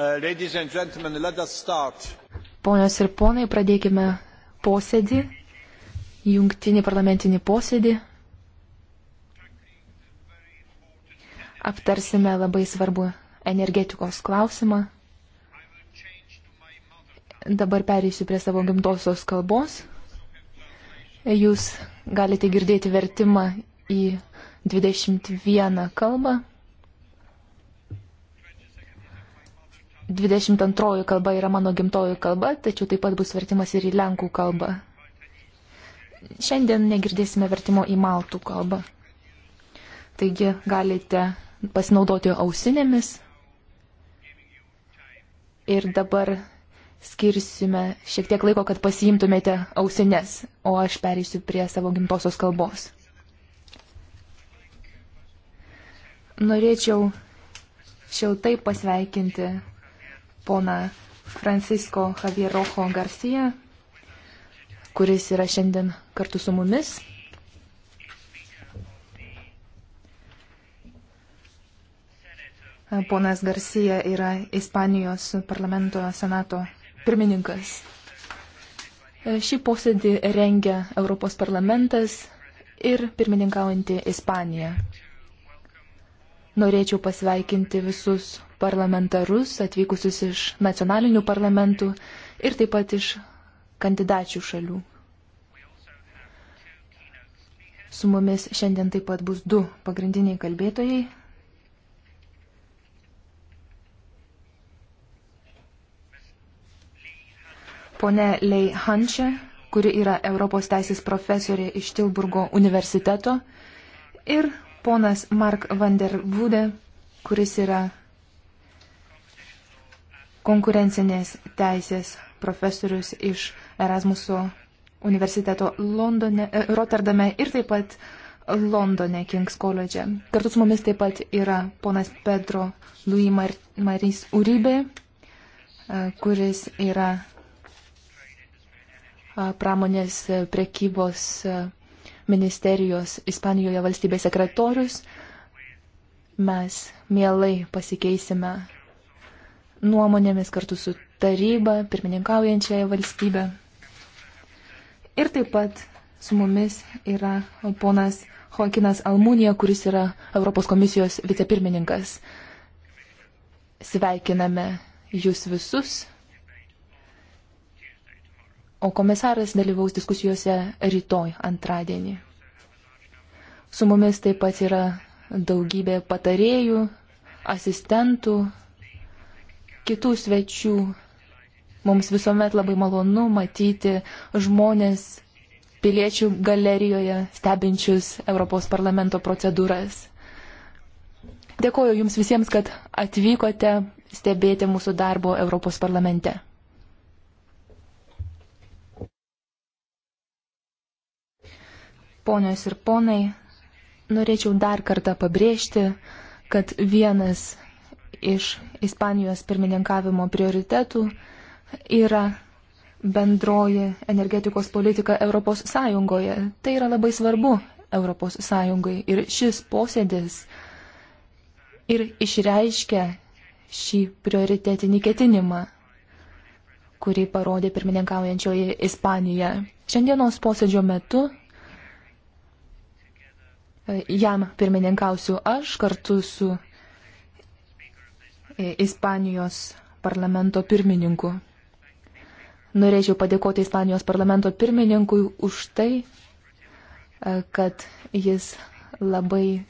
Uh, Ponios ir ponai, pradėkime posėdį, jungtinį parlamentinį posėdį. Aptarsime labai svarbu energetikos klausimą. Dabar perėsiu prie savo gimtosios kalbos. Jūs galite girdėti vertimą į 21 kalbą. 22 kalba yra mano gimtoji kalba, tačiau taip pat bus vertimas ir į lenkų kalbą. Šiandien negirdėsime vertimo į maltų kalbą. Taigi galite pasinaudoti ausinėmis. Ir dabar skirsime šiek tiek laiko, kad pasiimtumėte ausines, o aš pereisiu prie savo gimtosios kalbos. Norėčiau šiltai pasveikinti poną Francisco Javierojo Garcia, kuris yra šiandien kartu su mumis. Ponas Garcia yra Ispanijos parlamento senato pirmininkas. Šį posėdį rengia Europos parlamentas ir pirmininkaujanti Ispanija. Norėčiau pasveikinti visus parlamentarus atvykusius iš nacionalinių parlamentų ir taip pat iš kandidačių šalių. Su mumis šiandien taip pat bus du pagrindiniai kalbėtojai. Pone Lei Hančia, kuri yra Europos teisės profesorė iš Tilburgo universiteto, ir ponas Mark van der Vude, kuris yra konkurencinės teisės profesorius iš Erasmuso universiteto Londone, e, Rotterdame ir taip pat Londone King's koledže. Kartu su mumis taip pat yra ponas Pedro Louis Mar Maris Uribe, e, kuris yra e, pramonės prekybos ministerijos Ispanijoje valstybės sekretorius. Mes mielai pasikeisime nuomonėmis kartu su taryba, pirmininkaujančiaja valstybė. Ir taip pat su mumis yra ponas Joakinas Almūnija, kuris yra Europos komisijos vicepirmininkas. Sveikiname jūs visus. O komisaras dalyvaus diskusijose rytoj antradienį. Su mumis taip pat yra daugybė patarėjų, asistentų, kitų svečių. Mums visuomet labai malonu matyti žmonės piliečių galerijoje stebinčius Europos parlamento procedūras. Dėkoju Jums visiems, kad atvykote stebėti mūsų darbo Europos parlamente. Ponios ir ponai, norėčiau dar kartą pabrėžti, kad vienas iš Ispanijos pirmininkavimo prioritetų yra bendroji energetikos politika Europos Sąjungoje. Tai yra labai svarbu Europos Sąjungai ir šis posėdis ir išreiškia šį prioritetinį ketinimą, kurį parodė pirmininkaujančioji Ispanija. Šiandienos posėdžio metu e, jam pirmininkausiu aš kartu su Ispanijos parlamento pirmininku. Norėčiau padėkoti Ispanijos parlamento pirmininkui už tai, e, kad jis labai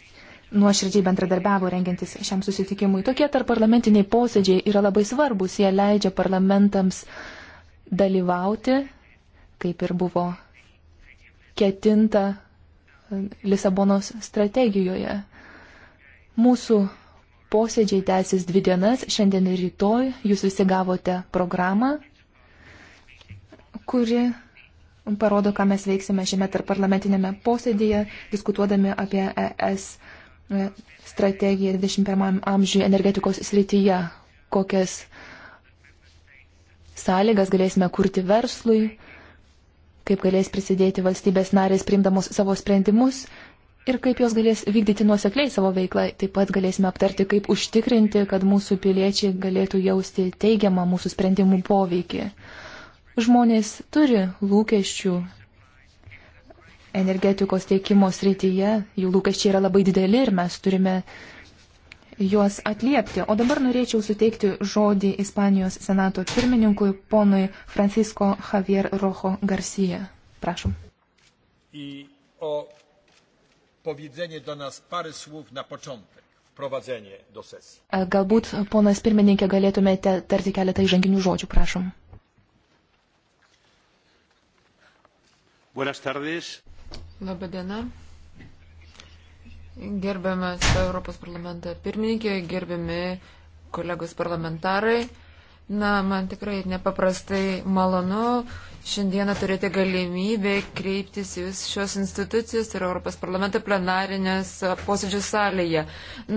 nuoširdžiai bendradarbiavo rengiantis šiam susitikimui. Tokie tarp parlamentiniai posėdžiai yra labai svarbus, jie leidžia parlamentams dalyvauti, kaip ir buvo ketinta e, Lisabonos strategijoje. Mūsų posėdžiai tęsis dvi dienas, šiandien ir rytoj jūs visi gavote programą, kuri parodo, ką mes veiksime šiame tarparlamentinėme posėdėje, diskutuodami apie ES strategiją 21 amžiuje energetikos srityje, kokias sąlygas galėsime kurti verslui, kaip galės prisidėti valstybės narės priimdamos savo sprendimus ir kaip jos galės vykdyti nuosekliai savo veiklą. Taip pat galėsime aptarti, kaip užtikrinti, kad mūsų piliečiai galėtų jausti teigiamą mūsų sprendimų poveikį. Žmonės turi lūkesčių energetikos tiekimo srityje, jų lūkesčiai yra labai dideli ir mes turime juos atliepti. O dabar norėčiau suteikti žodį Ispanijos senato pirmininkui ponui Francisco Javier Rojo Garcia. Prašom. Į, o powiedzenie do nas parę słów na początek, wprowadzenie do sesijos. E, galbūt, ponas pirmininkė, galėtumėte tarti keletą įžanginių žodžių, prašom. Buenas tardes. Labadiena. Gerbiamas Europos parlamento pirmininkė, gerbiami kolegos parlamentarai. Na, man tikrai nepaprastai malonu šiandieną turėti galimybę kreiptis jūs šios institucijos ir Europos parlamento plenarinės posėdžių salėje.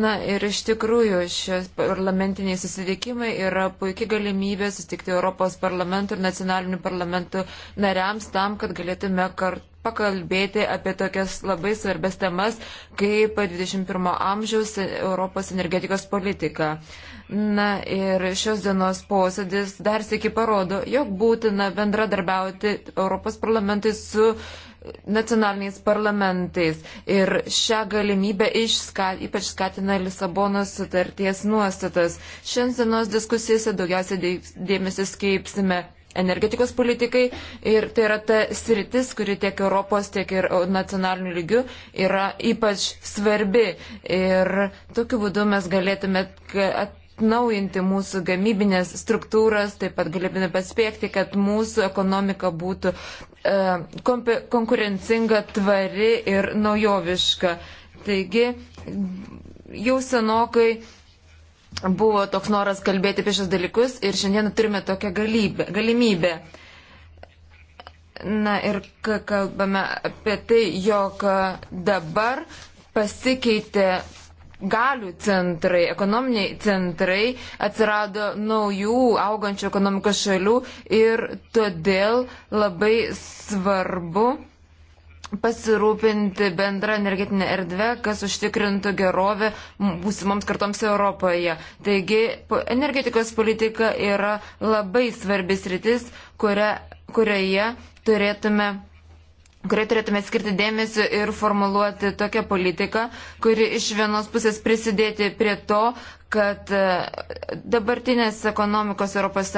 Na ir iš tikrųjų šie parlamentiniai susitikimai yra puikia galimybė susitikti Europos parlamento ir nacionalinių parlamentų nariams tam, kad galėtume kartu pakalbėti apie tokias labai svarbės temas kaip 21 amžiaus Europos energetikos politika. Na ir šios dienos posėdis dar sėki parodo, jog būtina bendradarbiauti Europos parlamentai su nacionaliniais parlamentais. Ir šią galimybę išskat, ypač skatina Lisabonos sutarties nuostatas. Šiandienos diskusijose daugiausiai dėmesį skeipsime energetikos politikai ir tai yra ta sritis, kuri tiek Europos, tiek ir nacionalinių lygių yra ypač svarbi. Ir tokiu būdu mes galėtume atnaujinti mūsų gamybinės struktūras, taip pat galėtume paspėkti, kad mūsų ekonomika būtų e, konkurencinga, tvari ir naujoviška. Taigi jau senokai buvo toks noras kalbėti apie šios dalykus ir šiandien turime tokią galybę, galimybę. Na ir kalbame apie tai, jog dabar pasikeitė galių centrai, ekonominiai centrai, atsirado naujų augančių ekonomikos šalių ir todėl labai svarbu pasirūpinti bendrą energetinę erdvę, kas užtikrintų gerovę būsimoms kartoms Europoje. Taigi energetikos politika yra labai svarbis rytis, kuria, kurioje turėtume kuriai turėtume skirti dėmesį ir formuluoti tokią politiką, kuri iš vienos pusės prisidėti prie to, kad e, dabartinės ekonomikos ES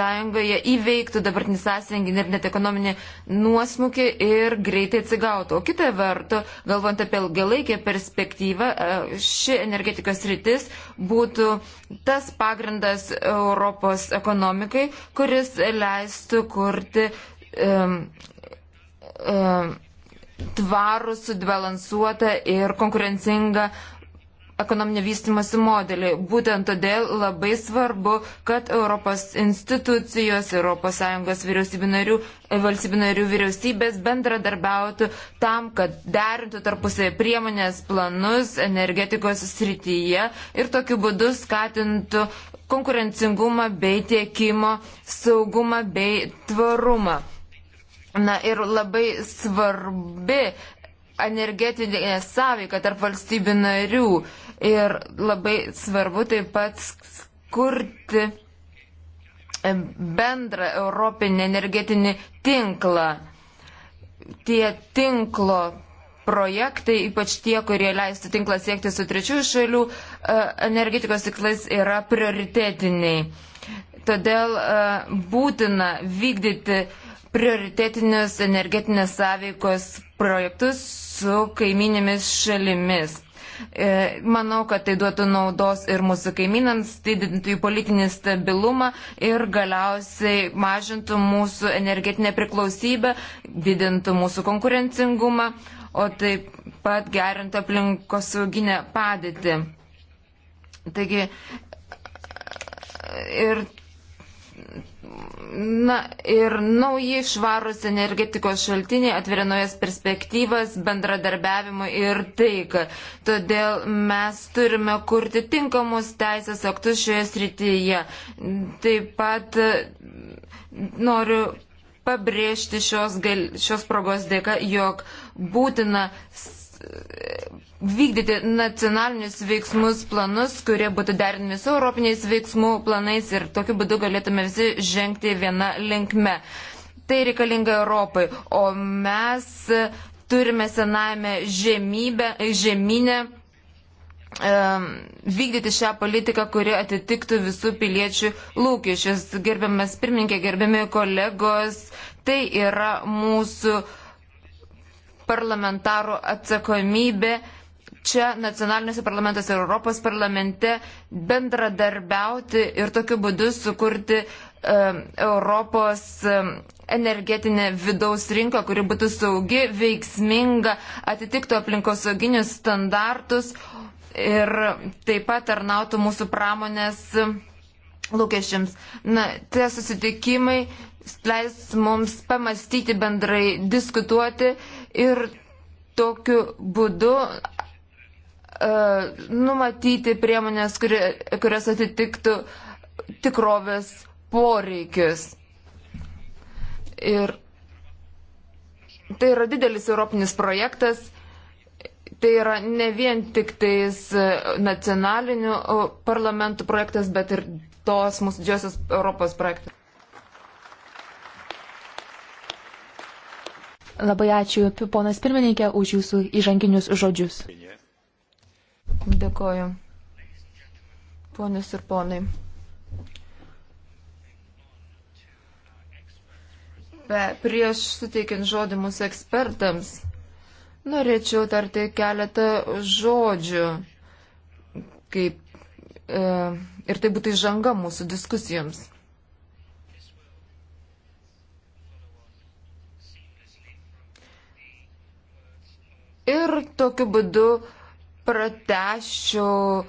įveiktų dabartinį sąsingį ir net ekonominį nuosmukį ir greitai atsigautų. O kitą vertų, galvant apie ilgalaikę perspektyvą, e, ši energetikos rytis būtų tas pagrindas Europos ekonomikai, kuris leistų kurti um, um, tvarų, sudbalansuotą ir konkurencingą ekonominio vystimasi modelį. Būtent todėl labai svarbu, kad Europos institucijos, ES vyriausybių narių, e, valstybių narių vyriausybės bendradarbiautų tam, kad derintų tarpusai priemonės planus energetikos srityje ir tokiu būdu skatintų konkurencingumą bei tiekimo saugumą bei tvarumą. Na ir labai svarbi energetinė sąveika tarp valstybių narių ir labai svarbu taip pat kurti bendrą europinį energetinį tinklą. Tie tinklo projektai, ypač tie, kurie leistų tinklą siekti su trečiųjų šalių e, energetikos tikslais, yra prioritetiniai. Todėl e, būtina vykdyti prioritetinius energetinės sąveikos projektus su kaiminėmis šalimis. E, manau, kad tai duotų naudos ir mūsų kaimynams, didintų jų politinį stabilumą ir galiausiai mažintų mūsų energetinę priklausybę, didintų mūsų konkurencingumą, o taip pat gerintų aplinkosauginę padėtį. Taigi, ir Na ir nauji švarūs energetikos šaltiniai atveria naujas perspektyvas bendradarbiavimui ir taiką. Todėl mes turime kurti tinkamus teisės aktus šioje srityje. Taip pat mm, noriu pabrėžti šios, gal, šios progos dėka, jog būtina vykdyti nacionalinius veiksmus planus, kurie būtų derinami su europiniais veiksmų planais ir tokiu būdu galėtume visi žengti vieną linkme. Tai reikalinga Europai, o mes turime senajame žemynę vykdyti šią politiką, kuri atitiktų visų piliečių lūkesčius. Gerbiamas pirmininkė, gerbiami kolegos, tai yra mūsų uh, parlamentarų atsakomybė čia nacionaliniuose parlamentuose ir Europos parlamente bendradarbiauti ir tokiu būdu sukurti um, Europos um, energetinę vidaus rinką, kuri būtų saugi, veiksminga, atitiktų aplinkosauginius standartus ir taip pat tarnautų mūsų pramonės lūkesčiams. Na, tie susitikimai leis mums pamastyti bendrai, diskutuoti ir tokiu būdu uh, numatyti priemonės, kuri, kurios atitiktų tikrovės poreikius. Ir tai yra didelis europinis projektas, tai yra ne vien tik tais e, nacionalinių parlamentų projektas, bet ir tos mūsų didžiosios Europos projektas. Labai ačiū, ponas pirmininkė, už jūsų įžanginius žodžius. Dėkoju. Ponius ir ponai. Be, prieš suteikiant žodį mūsų ekspertams, norėčiau tarti keletą žodžių, kaip, e, ir tai būtų įžanga mūsų diskusijoms. ir tokiu būdu prateščiau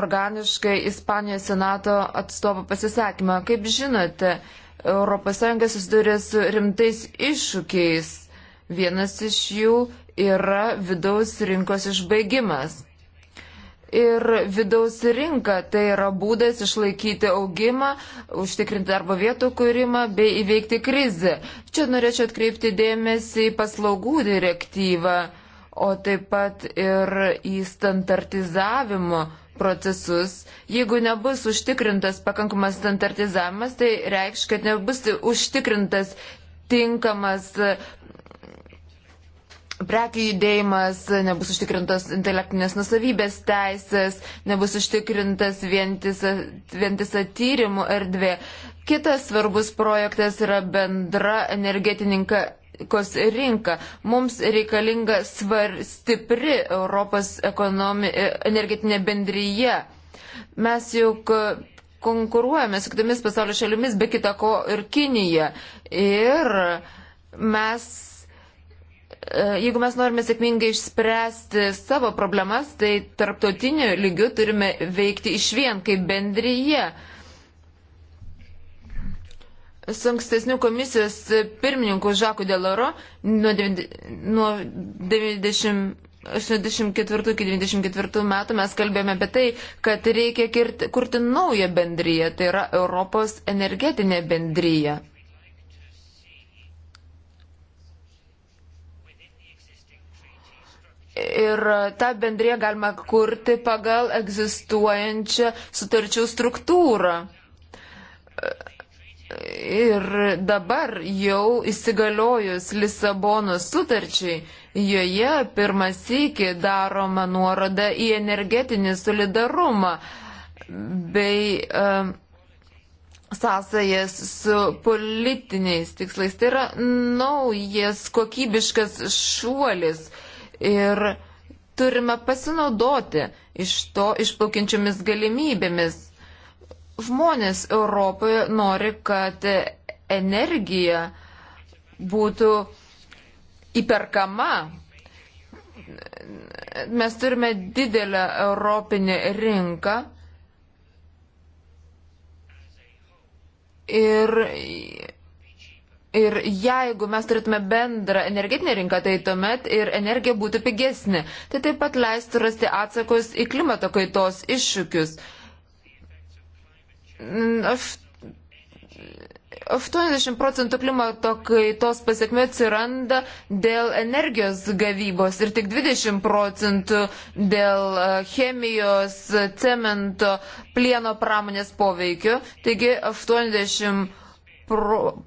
organiškai Ispanijos senato atstovo pasisakymą. Kaip žinote, ES susiduria su rimtais iššūkiais. Vienas iš jų yra vidaus rinkos išbaigimas. Ir vidaus rinka tai yra būdas išlaikyti augimą, užtikrinti darbo vietų kūrimą bei įveikti krizę. Čia norėčiau atkreipti dėmesį į paslaugų direktyvą o taip pat ir į standartizavimo procesus. Jeigu nebus užtikrintas pakankamas standartizavimas, tai reikš, kad nebus užtikrintas tinkamas mm, prekių judėjimas, nebus užtikrintos intelektinės nusavybės teisės, nebus užtikrintas vientisa, vientisa tyrimų erdvė. Kitas svarbus projektas yra bendra energetinė rinkos rinką. Mums reikalinga svar, stipri Europos ekonomi, e, energetinė bendryje. Mes juk e, konkuruojame su kitomis pasaulio šalimis, be kita ko ir Kinija. Ir mes e, jeigu mes norime sėkmingai išspręsti savo problemas, tai tarptautiniu lygiu turime veikti iš vien kaip bendryje su ankstesniu komisijos pirmininku Žaku Deloro nuo 90. 84 iki 94 metų mes kalbėjome apie tai, kad reikia kirti, kurti naują bendryją, tai yra Europos energetinė bendryja. Ir tą bendryją galima kurti pagal egzistuojančią sutarčių struktūrą. Ir dabar jau įsigaliojus Lisabonos sutarčiai, joje pirmas iki daroma nuoroda į energetinį solidarumą bei uh, sąsajas su politiniais tikslais. Tai yra naujas kokybiškas šuolis ir turime pasinaudoti iš to išplaukiančiomis galimybėmis žmonės Europoje nori, kad energija būtų įperkama. Mes turime didelę europinę rinką ir, ir jeigu mes turėtume bendrą energetinę rinką, tai tuomet ir energija būtų pigesnė. Tai taip pat leistų rasti atsakus į klimato kaitos iššūkius. Uh, 80 procentų klimato kaitos pasiekme atsiranda dėl energijos gavybos ir tik 20 procentų dėl e, chemijos, cemento, plieno pramonės poveikio. Taigi 80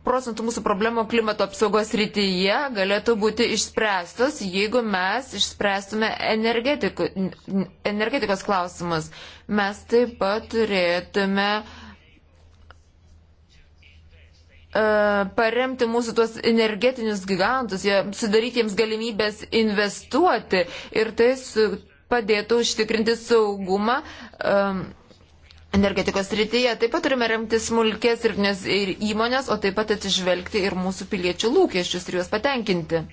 procentų mūsų problemų klimato apsaugos rytyje galėtų būti išspręstos, jeigu mes išspręstume energetikos klausimus. Mes taip pat turėtume uh, E, paremti mūsų tuos energetinius gigantus, jie, sudaryti jiems galimybės investuoti ir tai su, padėtų užtikrinti saugumą um, energetikos rytyje. Taip pat turime remti smulkės ir, ir įmonės, o taip pat atsižvelgti ir mūsų piliečių lūkesčius ir juos patenkinti.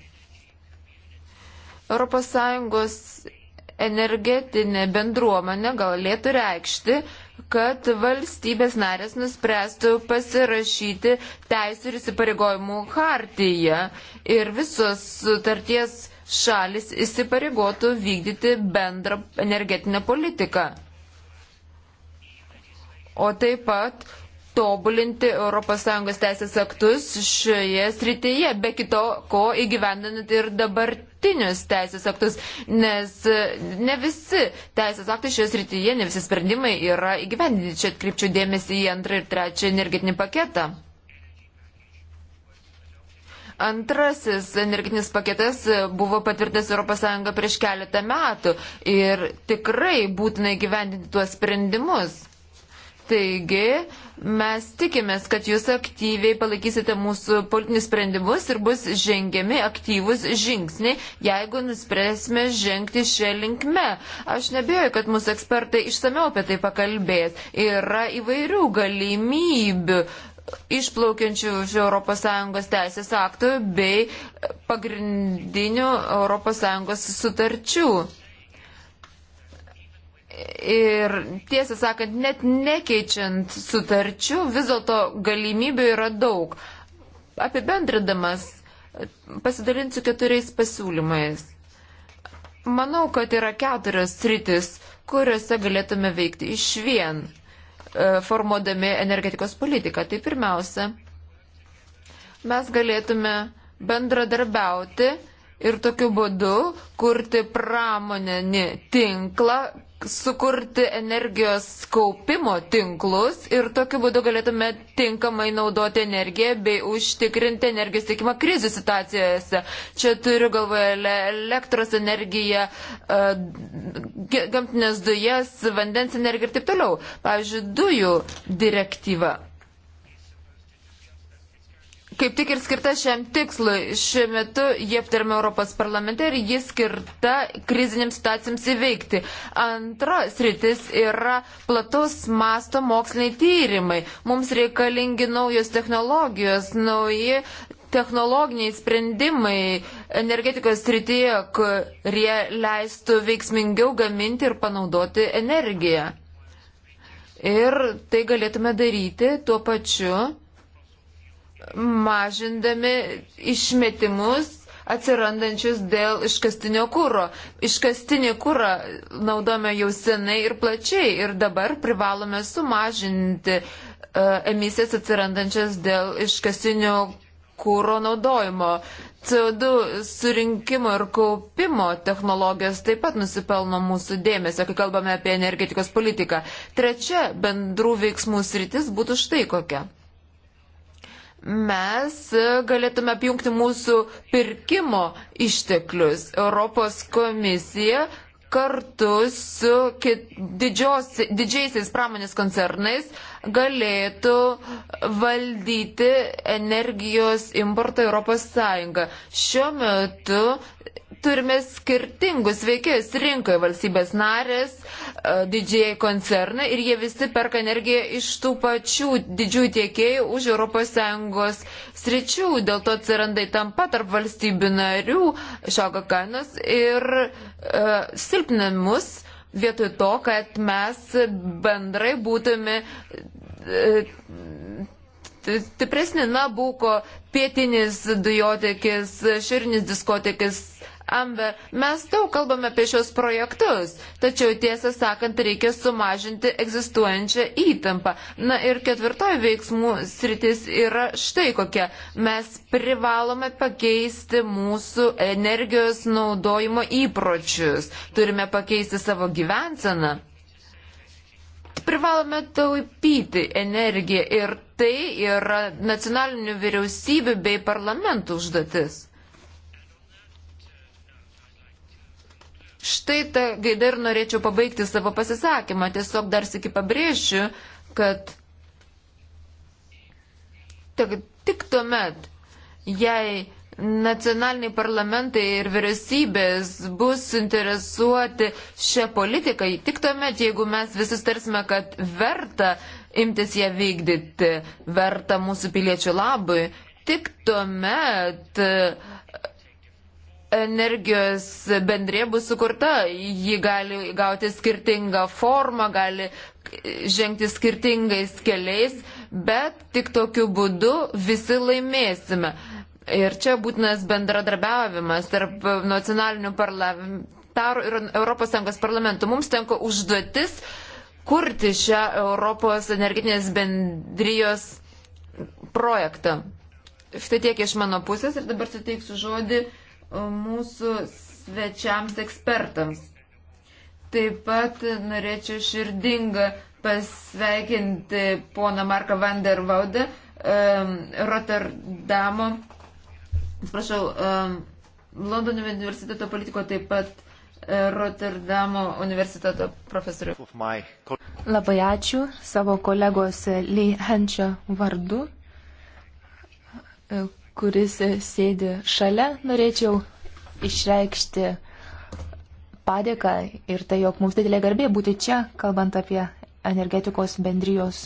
ES energetinė bendruomenė galėtų reikšti, kad valstybės narės nuspręstų pasirašyti teisų ir įsipareigojimų hartiją ir visos sutarties šalis įsipareigotų vykdyti bendrą energetinę politiką. O taip pat tobulinti ES teisės aktus šioje srityje, be kito ko įgyvendinant ir dabartinius teisės aktus, nes e, ne visi teisės aktai šioje srityje, ne visi sprendimai yra įgyvendinti. Čia atkreipčiau dėmesį į antrą ir trečią energetinį paketą. Antrasis energetinis paketas buvo patvirtas ES prieš keletą metų ir tikrai būtina įgyvendinti tuos sprendimus. Taigi, mes tikimės, kad jūs aktyviai palaikysite mūsų politinius sprendimus ir bus žengiami aktyvus žingsniai, jeigu nuspręsime žengti šią linkmę. Aš nebijoju, kad mūsų ekspertai išsameu apie tai pakalbės. Yra įvairių galimybių išplaukiančių iš ES teisės aktų bei pagrindinių ES sutarčių. Ir tiesą sakant, net nekeičiant sutarčių, vis dėlto galimybių yra daug. Apibendridamas, pasidalinsiu keturiais pasiūlymais. Manau, kad yra keturios sritis, kuriuose galėtume veikti iš vien, e, formuodami energetikos politiką. Tai pirmiausia, mes galėtume bendradarbiauti ir tokiu būdu kurti pramoninį tinklą sukurti energijos kaupimo tinklus ir tokiu būdu galėtume tinkamai naudoti energiją bei užtikrinti energijos tiekimą krizių situacijose. Čia turiu galvoje elektros energiją, e, gamtinės dujas, vandens energiją ir taip toliau. Pavyzdžiui, dujų direktyva kaip tik ir skirta šiam tikslui. Šiuo metu jie aptarime Europos parlamente ir ji skirta krizinėms situacijams įveikti. Antra sritis yra plataus masto moksliniai tyrimai. Mums reikalingi naujos technologijos, nauji technologiniai sprendimai energetikos srityje, kurie leistų veiksmingiau gaminti ir panaudoti energiją. Ir tai galėtume daryti tuo pačiu mažindami išmetimus atsirandančius dėl iškastinio kūro. Iškastinį kūrą naudome jau senai ir plačiai ir dabar privalome sumažinti uh, emisijas atsirandančias dėl iškastinio kūro naudojimo. CO2 surinkimo ir kaupimo technologijos taip pat nusipelno mūsų dėmesio, kai kalbame apie energetikos politiką. Trečia bendrų veiksmų sritis būtų štai kokia mes galėtume apjungti mūsų pirkimo išteklius. Europos komisija kartu su didžios, didžiaisiais pramonės koncernais galėtų valdyti energijos importą Europos Sąjungą. Šiuo metu turime skirtingus veikėjus rinkoje valstybės narės, e, didžiai koncernai ir jie visi perka energiją iš tų pačių didžiųjų tiekėjų už ES sričių. Dėl to atsiranda įtampa tarp valstybių narių, šoka kainos ir e, silpna mus vietoj to, kad mes bendrai būtume. E, stipresni Nabuko, pietinis dujotekis, širinis diskotekis Amber, mes daug kalbame apie šios projektus, tačiau tiesą sakant, reikia sumažinti egzistuojančią įtampą. Na ir ketvirtoji veiksmų sritis yra štai kokia. Mes privalome pakeisti mūsų energijos naudojimo įpročius. Turime pakeisti savo gyvenseną. Privalome taupyti energiją ir tai yra nacionalinių vyriausybių bei parlamentų užduotis. Štai tą gaidą ir norėčiau pabaigti savo pasisakymą. Tiesiog dar sėki pabrėšiu, kad tik, tik tuomet, jei nacionaliniai parlamentai ir vyriausybės bus interesuoti šią politiką, tik tuomet, jeigu mes visi starsime, kad verta imtis ją vykdyti, verta mūsų piliečių labui, tik tuomet energijos bendrė bus sukurta. Ji gali gauti skirtingą formą, gali žengti skirtingais keliais, bet tik tokiu būdu visi laimėsime. Ir čia būtinas bendradarbiavimas tarp nacionalinių parlamentarų ir ES parlamentų. Mums tenka užduotis kurti šią Europos energetinės bendrijos projektą. Štai tiek iš mano pusės ir dabar suteiksiu žodį uh, mūsų svečiams ekspertams. Taip pat norėčiau širdingą pasveikinti poną Marką van der Vaude, um, Rotterdamo, atsiprašau, um, Londono universiteto politiko taip pat e, Rotterdamo universiteto profesorių. Labai ačiū savo kolegos Lee Henčio vardu, e, kuris sėdi šalia, norėčiau išreikšti padėką ir tai, jog mums didelė garbė būti čia, kalbant apie energetikos bendrijos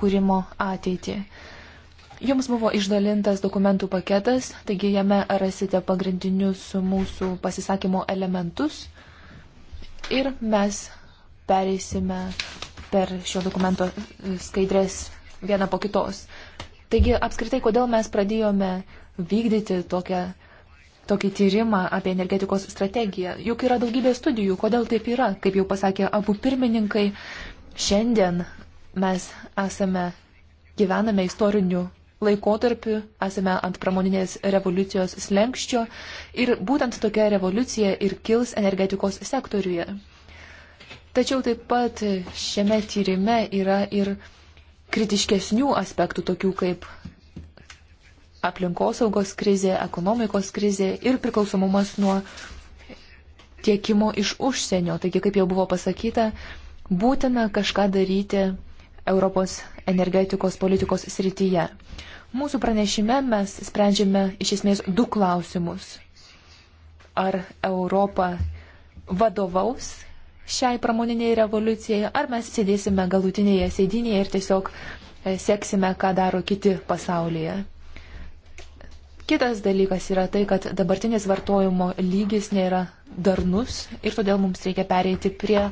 kūrimo ateitį. Jums buvo išdalintas dokumentų paketas, taigi jame rasite pagrindinius mūsų pasisakymo elementus ir mes pereisime per šio dokumento skaidrės vieną po kitos. Taigi, apskritai, kodėl mes pradėjome vykdyti tokią, tokį tyrimą apie energetikos strategiją? Juk yra daugybė studijų, kodėl taip yra. Kaip jau pasakė abu pirmininkai, šiandien mes esame, gyvename istoriniu laikotarpiu, esame ant pramoninės revoliucijos slengščio ir būtent tokia revoliucija ir kils energetikos sektoriuje. Tačiau taip pat šiame tyrime yra ir kritiškesnių aspektų, tokių kaip aplinkosaugos krizė, ekonomikos krizė ir priklausomumas nuo tiekimo iš užsienio. Taigi, kaip jau buvo pasakyta, būtina kažką daryti Europos energetikos politikos srityje. Mūsų pranešime mes sprendžiame iš esmės du klausimus. Ar Europa vadovaus šiai pramoniniai revoliucijai, ar mes sėdėsime galutinėje sėdinėje ir tiesiog e, seksime, ką daro kiti pasaulyje. Kitas dalykas yra tai, kad dabartinis vartojimo lygis nėra darnus ir todėl mums reikia pereiti prie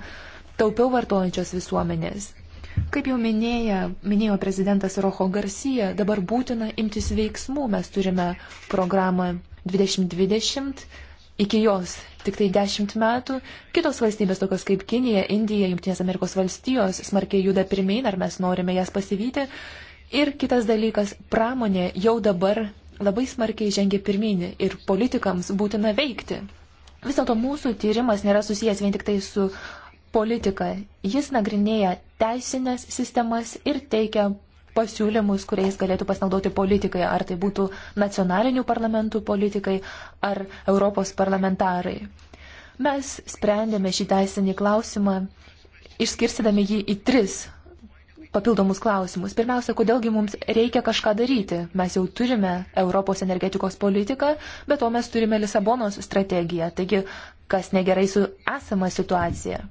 taupiau vartojančios visuomenės. Kaip jau minėja, minėjo prezidentas Rojo Garcia, dabar būtina imtis veiksmų. Mes turime programą 2020, iki jos tik tai 10 metų. Kitos valstybės, tokios kaip Kinija, Indija, Junktinės Amerikos valstijos, smarkiai juda pirmyn, ar mes norime jas pasivyti. Ir kitas dalykas, pramonė jau dabar labai smarkiai žengia pirminį ir politikams būtina veikti. Vis dėlto mūsų tyrimas nėra susijęs vien tik tai su politika. Jis nagrinėja teisinės sistemas ir teikia pasiūlymus, kuriais galėtų pasinaudoti politikai, ar tai būtų nacionalinių parlamentų politikai ar Europos parlamentarai. Mes sprendėme šį teisinį klausimą, išskirstydami jį į tris papildomus klausimus. Pirmiausia, kodėlgi mums reikia kažką daryti. Mes jau turime Europos energetikos politiką, bet to mes turime Lisabonos strategiją. Taigi, kas negerai su esama situacija.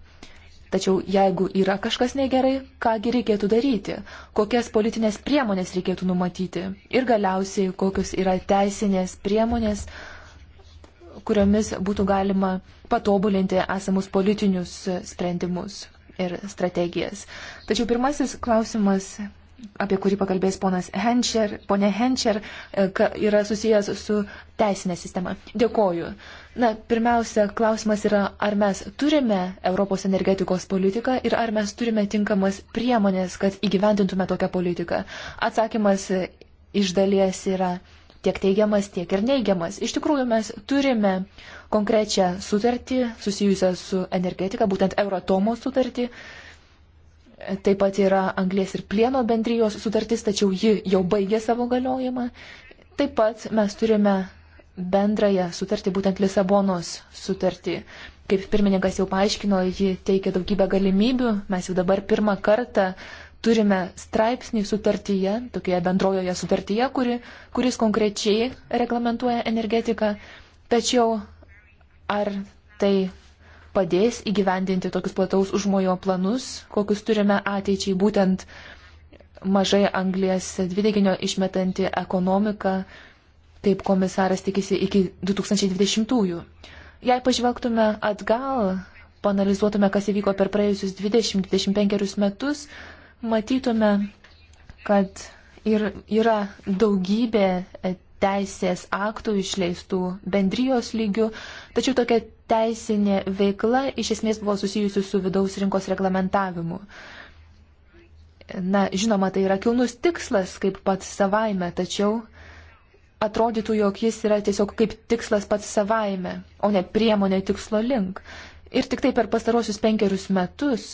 Tačiau jeigu yra kažkas negerai, kągi reikėtų daryti, kokias politinės priemonės reikėtų numatyti ir galiausiai kokios yra teisinės priemonės, kuriomis būtų galima patobulinti esamus politinius sprendimus ir strategijas. Tačiau pirmasis klausimas apie kurį pakalbės ponas Henčer, ponė Henčer, e, yra susijęs su teisinė sistema. Dėkoju. Na, pirmiausia, klausimas yra, ar mes turime Europos energetikos politiką ir ar mes turime tinkamas priemonės, kad įgyvendintume tokią politiką. Atsakymas iš dalies yra tiek teigiamas, tiek ir neigiamas. Iš tikrųjų, mes turime konkrečią sutartį susijusią su energetika, būtent Euratomo sutartį Taip pat yra anglės ir plieno bendrijos sutartis, tačiau ji jau baigė savo galiojimą. Taip pat mes turime bendrąją sutartį, būtent Lisabonos sutartį. Kaip pirmininkas jau paaiškino, ji teikia daugybę galimybių. Mes jau dabar pirmą kartą turime straipsnį sutartyje, tokioje bendrojoje sutartyje, kuri, kuris konkrečiai reglamentuoja energetiką. Tačiau ar tai padės įgyvendinti tokius plataus užmojo planus, kokius turime ateičiai būtent mažai anglės dvideginio išmetanti ekonomika, kaip komisaras tikisi iki 2020-ųjų. Jei pažvelgtume atgal, panalizuotume, kas įvyko per praėjusius 20-25 metus, matytume, kad ir yra daugybė teisės aktų išleistų bendrijos lygių, tačiau tokia teisinė veikla iš esmės buvo susijusi su vidaus rinkos reglamentavimu. Na, žinoma, tai yra kilnus tikslas kaip pats savaime, tačiau atrodytų, jog jis yra tiesiog kaip tikslas pats savaime, o ne priemonė tikslo link. Ir tik tai per pastarosius penkerius metus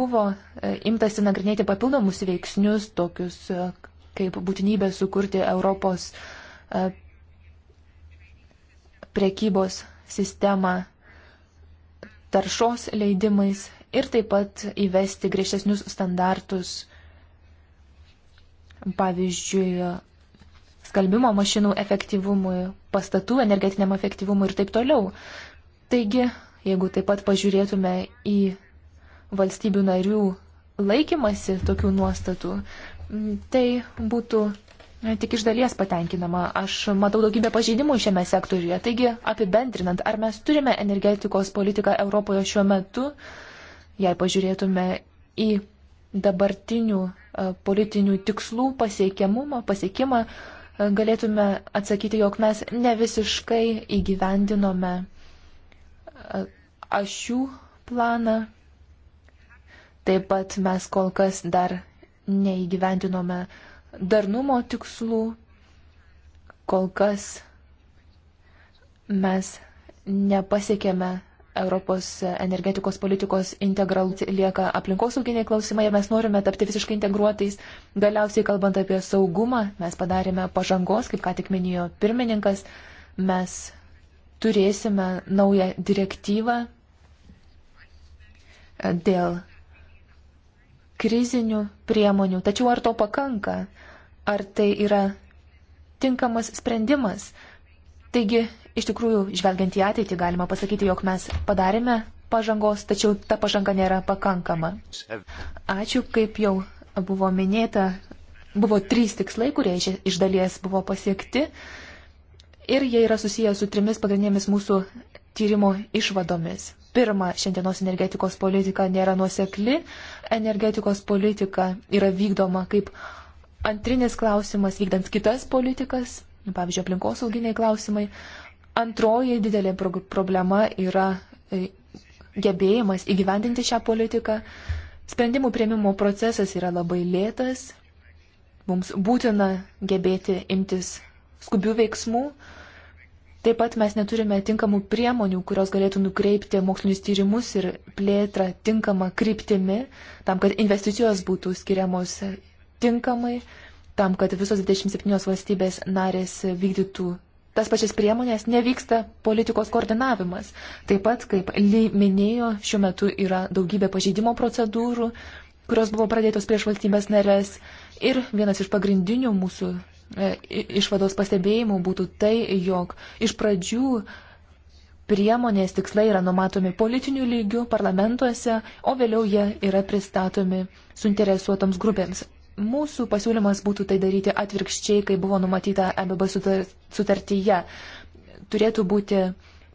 buvo e, imtasi nagrinėti papildomus veiksnius, tokius e, kaip būtinybė sukurti Europos e, prekybos sistemą taršos leidimais ir taip pat įvesti griežtesnius standartus, pavyzdžiui, skalbimo mašinų efektyvumui, pastatų energetiniam efektyvumui ir taip toliau. Taigi, jeigu taip pat pažiūrėtume į valstybių narių laikymasi tokių nuostatų, tai būtų tik iš dalies patenkinama. Aš matau daugybę pažeidimų šiame sektoriuje. Taigi, apibendrinant, ar mes turime energetikos politiką Europoje šiuo metu, jei pažiūrėtume į dabartinių e, politinių tikslų pasiekiamumą, pasiekimą, e, galėtume atsakyti, jog mes ne visiškai įgyvendinome e, ašių planą. Taip pat mes kol kas dar neįgyvendinome uh, darnumo tikslų kol kas mes nepasiekėme Europos energetikos politikos integral tai lieka aplinkosauginiai klausimai, mes norime tapti visiškai integruotais. Galiausiai kalbant apie saugumą, mes padarėme pažangos, kaip ką tik minėjo pirmininkas, mes turėsime naują direktyvą dėl krizinių priemonių. Tačiau ar to pakanka? Ar tai yra tinkamas sprendimas? Taigi, iš tikrųjų, žvelgiant į ateitį, galima pasakyti, jog mes padarėme pažangos, tačiau ta pažanga nėra pakankama. Ačiū, kaip jau buvo minėta, buvo trys tikslai, kurie iš dalies buvo pasiekti ir jie yra susiję su trimis pagrindinėmis mūsų tyrimo išvadomis. Pirma, šiandienos energetikos politika nėra nuosekli, energetikos politika yra vykdoma kaip antrinis klausimas vykdant kitas politikas, pavyzdžiui, aplinkosauginiai klausimai. Antroji didelė problema yra e, gebėjimas įgyvendinti šią politiką. Sprendimų prieimimo procesas yra labai lėtas. Mums būtina gebėti imtis skubių veiksmų, Taip pat mes neturime tinkamų priemonių, kurios galėtų nukreipti mokslinius tyrimus ir plėtrą tinkamą kryptimi, tam, kad investicijos būtų skiriamos tinkamai, tam, kad visos 27 valstybės narės vykdytų tas pačias priemonės, nevyksta politikos koordinavimas. Taip pat, kaip Ly minėjo, šiuo metu yra daugybė pažeidimo procedūrų, kurios buvo pradėtos prieš valstybės narės. Ir vienas iš pagrindinių mūsų E, išvados pastebėjimų būtų tai, jog iš pradžių priemonės tikslai yra numatomi politinių lygių parlamentuose, o vėliau jie yra pristatomi suinteresuotoms grupėms. Mūsų pasiūlymas būtų tai daryti atvirkščiai, kai buvo numatyta MBB sutartyje. Turėtų būti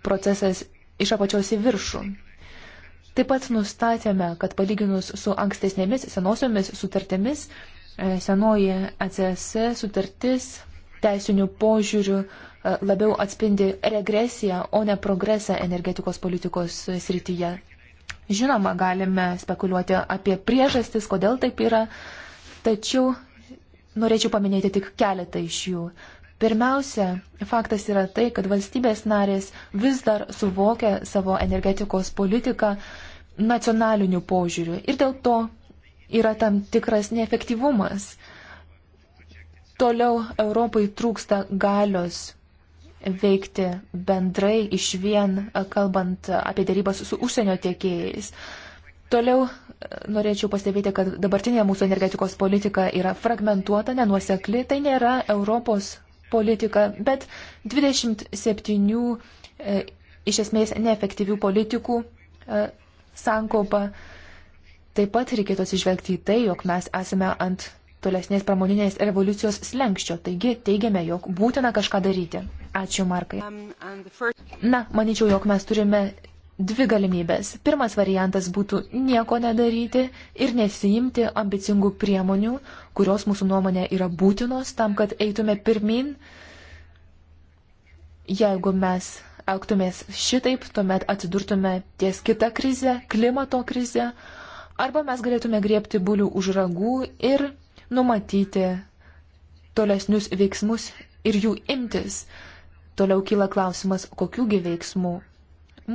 procesas iš apačios į viršų. Taip pat nustatėme, kad palyginus su ankstesnėmis senosiomis sutartėmis, E, senoji ACS sutartis teisinių požiūrių e, labiau atspindi regresiją, o ne progresą energetikos politikos srityje. Žinoma, galime spekuliuoti apie priežastis, kodėl taip yra, tačiau norėčiau paminėti tik keletą iš jų. Pirmiausia, faktas yra tai, kad valstybės narės vis dar suvokia savo energetikos politiką nacionaliniu požiūriu ir dėl to yra tam tikras neefektyvumas. Toliau Europai trūksta galios veikti bendrai iš vien, kalbant apie dėrybas su užsienio tiekėjais. Toliau e, norėčiau pastebėti, kad dabartinė mūsų energetikos politika yra fragmentuota, nenuosekli, tai nėra Europos politika, bet 27 e, iš esmės neefektyvių politikų e, sankopa. Taip pat reikėtų atsižvelgti į tai, jog mes esame ant tolesnės pramoninės revoliucijos slengščio, taigi teigiame, jog būtina kažką daryti. Ačiū, Markai. Um, Na, manyčiau, jog mes turime dvi galimybės. Pirmas variantas būtų nieko nedaryti ir nesijimti ambicingų priemonių, kurios mūsų nuomonė yra būtinos tam, kad eitume pirmin. Jeigu mes elgtumės šitaip, tuomet atsidurtume ties kita krize, klimato krize, Arba mes galėtume griepti bulių už ragų ir numatyti tolesnius veiksmus ir jų imtis. Toliau kyla klausimas, kokiųgi veiksmų.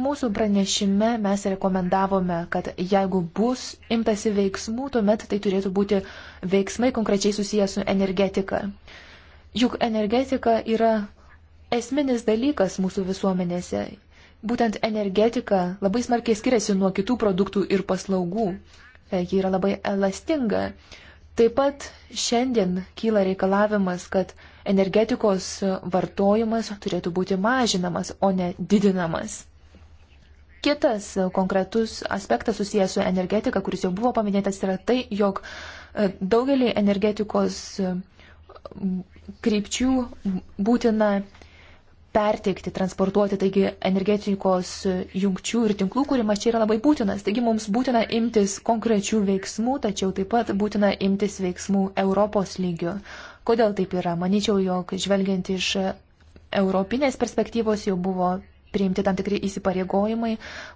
Mūsų pranešime mes rekomendavome, kad jeigu bus imtasi veiksmų, tuomet tai turėtų būti veiksmai konkrečiai susijęs su energetika. Juk energetika yra esminis dalykas mūsų visuomenėse būtent energetika labai smarkiai skiriasi nuo kitų produktų ir paslaugų. E, ji yra labai elastinga. Taip pat šiandien kyla reikalavimas, kad energetikos vartojimas turėtų būti mažinamas, o ne didinamas. Kitas konkretus aspektas susijęs su energetika, kuris jau buvo paminėtas, yra tai, jog e, daugelį energetikos krypčių būtina perteikti, transportuoti, taigi energetikos jungčių ir tinklų kūrimas čia yra labai būtinas. Taigi mums būtina imtis konkrečių veiksmų, tačiau taip pat būtina imtis veiksmų Europos lygių. Kodėl taip yra? Manyčiau, jog žvelgiant iš europinės perspektyvos jau buvo priimti tam tikri įsipareigojimai,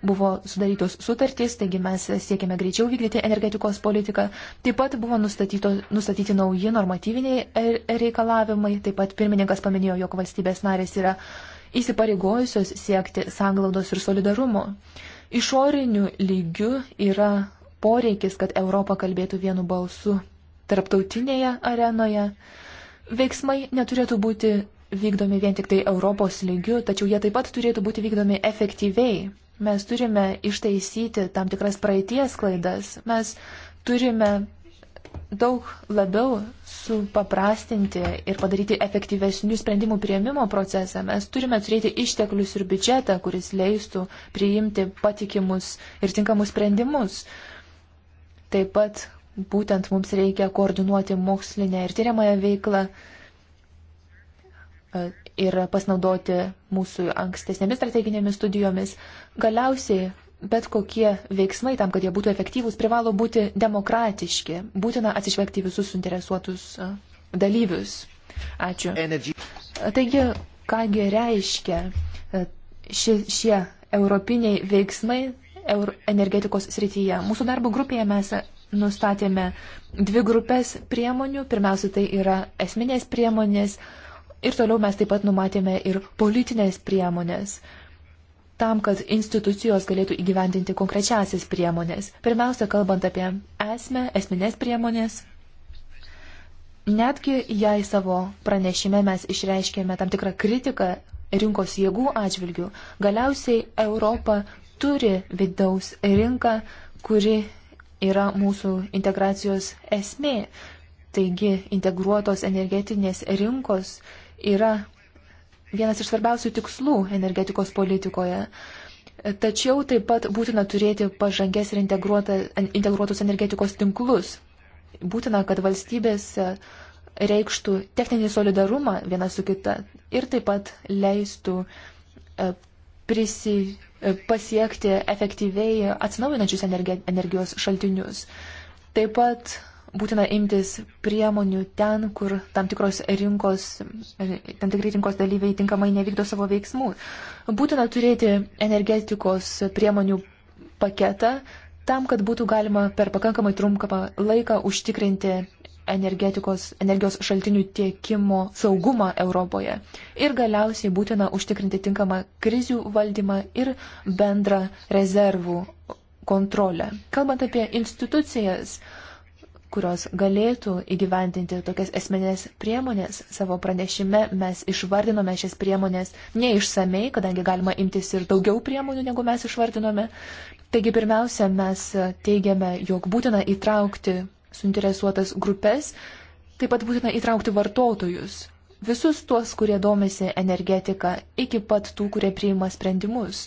buvo sudarytos sutartys, taigi mes siekime greičiau vykdyti energetikos politiką. Taip pat buvo nustatyti nauji normatyviniai er, reikalavimai, taip pat pirmininkas paminėjo, jog valstybės narės yra įsipareigojusios siekti sanglaudos ir solidarumo. Išorinių lygių yra poreikis, kad Europa kalbėtų vienu balsu tarptautinėje arenoje. Veiksmai neturėtų būti vykdomi vien tik tai Europos lygiu, tačiau jie taip pat turėtų būti vykdomi efektyviai. Mes turime ištaisyti tam tikras praeities klaidas. Mes turime daug labiau supaprastinti ir padaryti efektyvesnių sprendimų prieimimo procesą. Mes turime turėti išteklius ir biudžetą, kuris leistų priimti patikimus ir tinkamus sprendimus. Taip pat būtent mums reikia koordinuoti mokslinę ir tyriamąją veiklą E, ir pasinaudoti mūsų ankstesnėmis strateginėmis studijomis. Galiausiai bet kokie veiksmai tam, kad jie būtų efektyvūs, privalo būti demokratiški. Būtina atsižvelgti visus suinteresuotus e, dalyvius. Ačiū. Energy. Taigi, kągi reiškia e, ši, šie europiniai veiksmai eur, energetikos srityje. Mūsų darbo grupėje mes nustatėme dvi grupės priemonių. Pirmiausia, tai yra esminės priemonės Ir toliau mes taip pat numatėme ir politinės priemonės tam, kad institucijos galėtų įgyvendinti konkrečiasis priemonės. Pirmiausia, kalbant apie esmę, esminės priemonės, netgi jei savo pranešime mes išreiškėme tam tikrą kritiką rinkos jėgų atžvilgių, galiausiai Europa turi vidaus rinką, kuri yra mūsų integracijos esmė. Taigi integruotos energetinės rinkos yra vienas iš svarbiausių tikslų energetikos politikoje. Tačiau taip pat būtina turėti pažangės ir integruotus energetikos tinklus. Būtina, kad valstybės reikštų techninį solidarumą viena su kita ir taip pat leistų e, prisi, e, pasiekti efektyviai atsinaujinančius energijos šaltinius. Taip pat būtina imtis priemonių ten, kur tam tikros rinkos, tam tikri rinkos dalyviai tinkamai nevykdo savo veiksmų. Būtina turėti energetikos priemonių paketą tam, kad būtų galima per pakankamai trumpą laiką užtikrinti energetikos, energijos šaltinių tiekimo saugumą Europoje. Ir galiausiai būtina užtikrinti tinkamą krizių valdymą ir bendrą rezervų kontrolę. Kalbant apie institucijas, uh, kurios galėtų įgyventinti tokias esminės priemonės. Savo pranešime mes išvardinome šias priemonės neišsamei, kadangi galima imtis ir daugiau priemonių, negu mes išvardinome. Taigi pirmiausia, mes teigiame, jog būtina įtraukti suinteresuotas grupės, taip pat būtina įtraukti vartotojus. Visus tuos, kurie domisi energetika, iki pat tų, kurie priima sprendimus.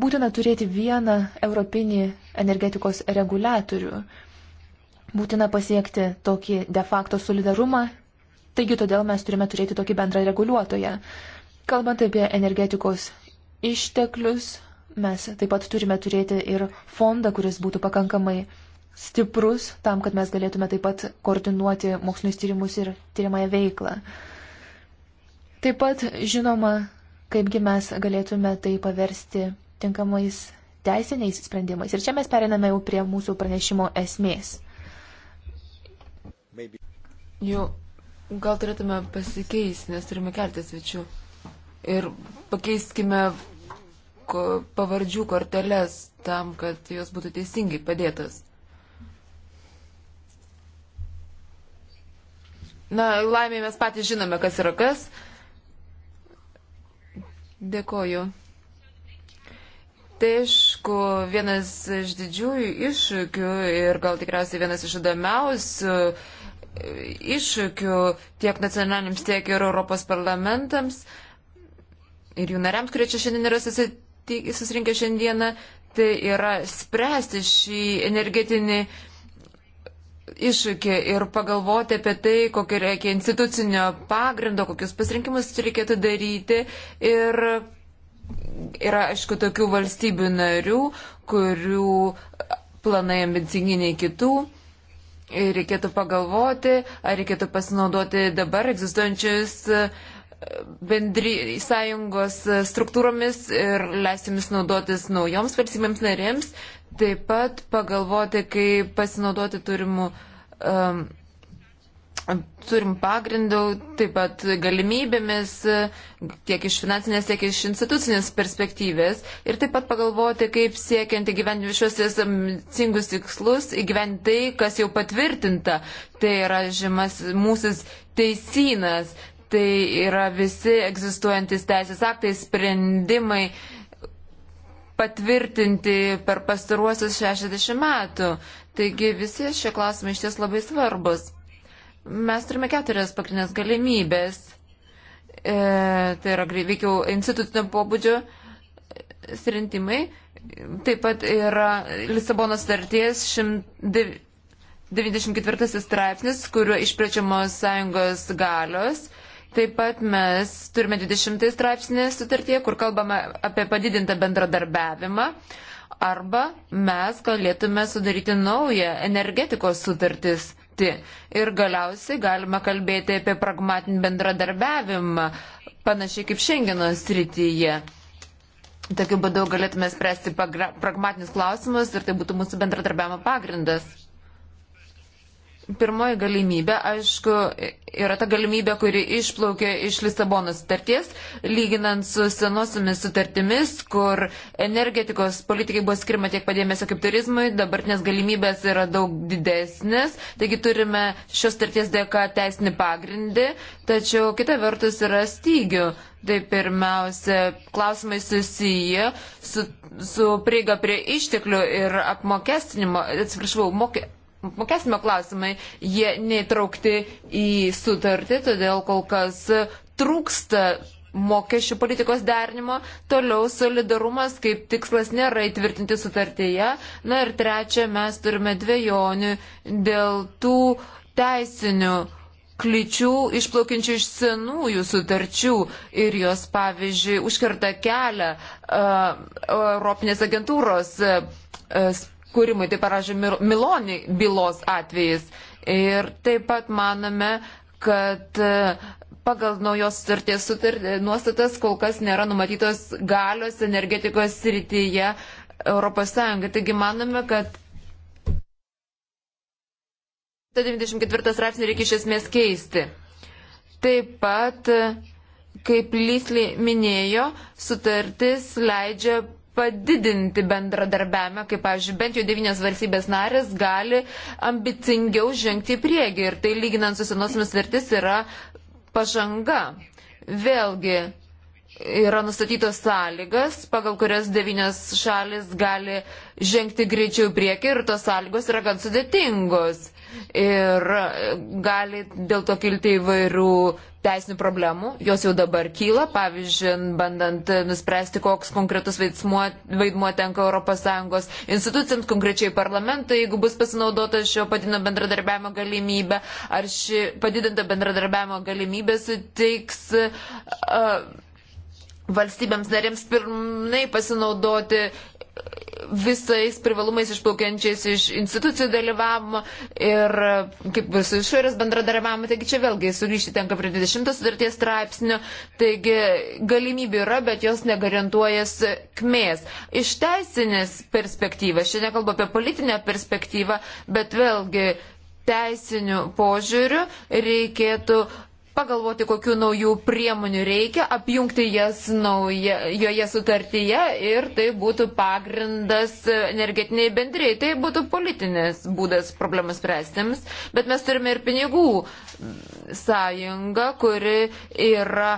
Būtina turėti vieną europinį energetikos reguliatorių. Būtina pasiekti tokį de facto solidarumą, taigi todėl mes turime turėti tokį bendrą reguliuotoją. Kalbant apie energetikos išteklius, mes taip pat turime turėti ir fondą, kuris būtų pakankamai stiprus tam, kad mes galėtume taip pat koordinuoti mokslinius tyrimus ir tyriamąją veiklą. Taip pat, žinoma, kaipgi mes galėtume tai paversti tinkamais teisiniais sprendimais. Ir čia mes periname jau prie mūsų pranešimo esmės. Jau gal turėtume pasikeisti, nes turime keltą svečių. Ir pakeiskime pavardžių korteles tam, kad jos būtų teisingai padėtas. Na, laimė mes patys žinome, kas yra kas. Dėkoju. Tai aišku, vienas iš didžiųjų iššūkių ir gal tikriausiai vienas iš įdomiausių e, iššūkių tiek nacionaliniams, tiek ir Europos parlamentams ir jų nariams, kurie čia šiandien yra susirinkę šiandieną, tai yra spręsti šį energetinį iššūkį ir pagalvoti apie tai, kokį reikia institucinio pagrindo, kokius pasirinkimus reikėtų daryti ir yra, aišku, tokių valstybių narių, kurių planai ambicingi nei kitų. Ir reikėtų pagalvoti, ar reikėtų pasinaudoti dabar egzistuojančius e, bendry sąjungos e, struktūromis ir leisimis naudotis naujoms valstybėms narėms, taip pat pagalvoti, kaip pasinaudoti turimų um, e, turim pagrindų, taip pat galimybėmis tiek iš finansinės, tiek iš institucinės perspektyvės ir taip pat pagalvoti, kaip siekiant įgyvendinti šios ambicingus tikslus, įgyvendinti tai, kas jau patvirtinta, tai yra žymas mūsų teisinas, tai yra visi egzistuojantis teisės aktai, sprendimai patvirtinti per pastaruosius 60 metų. Taigi visi šie klausimai iš ties labai svarbus. Mes turime keturias pagrindinės galimybės. E, tai yra veikiau institucinio pobūdžio sprendimai. Taip pat yra Lisabono starties 94 straipsnis, kuriuo išplečiamos sąjungos galios. Taip pat mes turime 20 straipsnį sutartie, kur kalbame apie padidintą bendradarbiavimą. Arba mes galėtume sudaryti naują energetikos sutartis dirbti. Ir galiausiai galima kalbėti apie pragmatinį bendradarbiavimą, panašiai kaip Šengeno srityje. Tokiu būdu galėtume spręsti pragmatinius klausimus ir tai būtų mūsų bendradarbiavimo pagrindas. Pirmoji galimybė, aišku, yra ta galimybė, kuri išplaukia iš Lisabonos sutarties, lyginant su senosiamis sutartimis, kur energetikos politikai buvo skirma tiek padėmėsio kaip turizmui, dabartinės galimybės yra daug didesnės, taigi turime šios sutarties dėka teisinį pagrindį, tačiau kita vertus yra stygių. Tai pirmiausia, klausimai susiję su, su prieiga prie išteklių ir apmokestinimo, atsiprašau, mokė apmokesnimo klausimai, jie neįtraukti į sutartį, todėl kol kas trūksta mokesčių politikos derinimo, toliau solidarumas kaip tikslas nėra įtvirtinti sutartyje. Na ir trečia, mes turime dviejonių dėl tų teisinių kličių išplaukiančių iš senųjų sutarčių ir jos, pavyzdžiui, užkerta kelią uh, Europinės agentūros uh, kūrimui, tai parašė Miloni bylos atvejais. Ir taip pat manome, kad e, pagal naujos sutarties sutar, e, nuostatas kol kas nėra numatytos galios energetikos srityje ES. Taigi manome, kad 94 straipsnį reikia iš esmės keisti. Taip pat, kaip Lysly minėjo, sutartis leidžia padidinti bendradarbiavimą, kaip, pavyzdžiui, bent jau devynios valstybės narės gali ambicingiau žengti į priekį ir tai lyginant su senosiamis vertis yra pažanga. Vėlgi yra nustatytos sąlygas, pagal kurias devynios šalis gali žengti greičiau į priekį ir tos sąlygos yra gan sudėtingos ir gali dėl to kilti įvairių teisinių problemų. Jos jau dabar kyla, pavyzdžiui, bandant nuspręsti, koks konkretus veidsmuo, vaidmuo tenka ES institucijams, konkrečiai parlamentui, jeigu bus pasinaudota šio padidinto bendradarbiavimo galimybė, ar ši padidinta bendradarbiavimo galimybė suteiks. Uh, valstybėms narėms pirmai pasinaudoti visais privalumais išplaukiančiais iš institucijų dalyvavimo ir kaip bus išorės bendradarbiavimo. Taigi čia vėlgi sugrįžti tenka prie 20 sudarties straipsnio. Taigi galimybių yra, bet jos negarantuoja sėkmės. Iš teisinės perspektyvos, šiandien kalbu apie politinę perspektyvą, bet vėlgi teisinių požiūrių reikėtų pagalvoti, kokiu naujų priemonių reikia, apjungti jas nauja, joje sutartyje ir tai būtų pagrindas energetiniai bendrėjai. Tai būtų politinės būdas problemas spręstėms, bet mes turime ir pinigų sąjungą, kuri yra.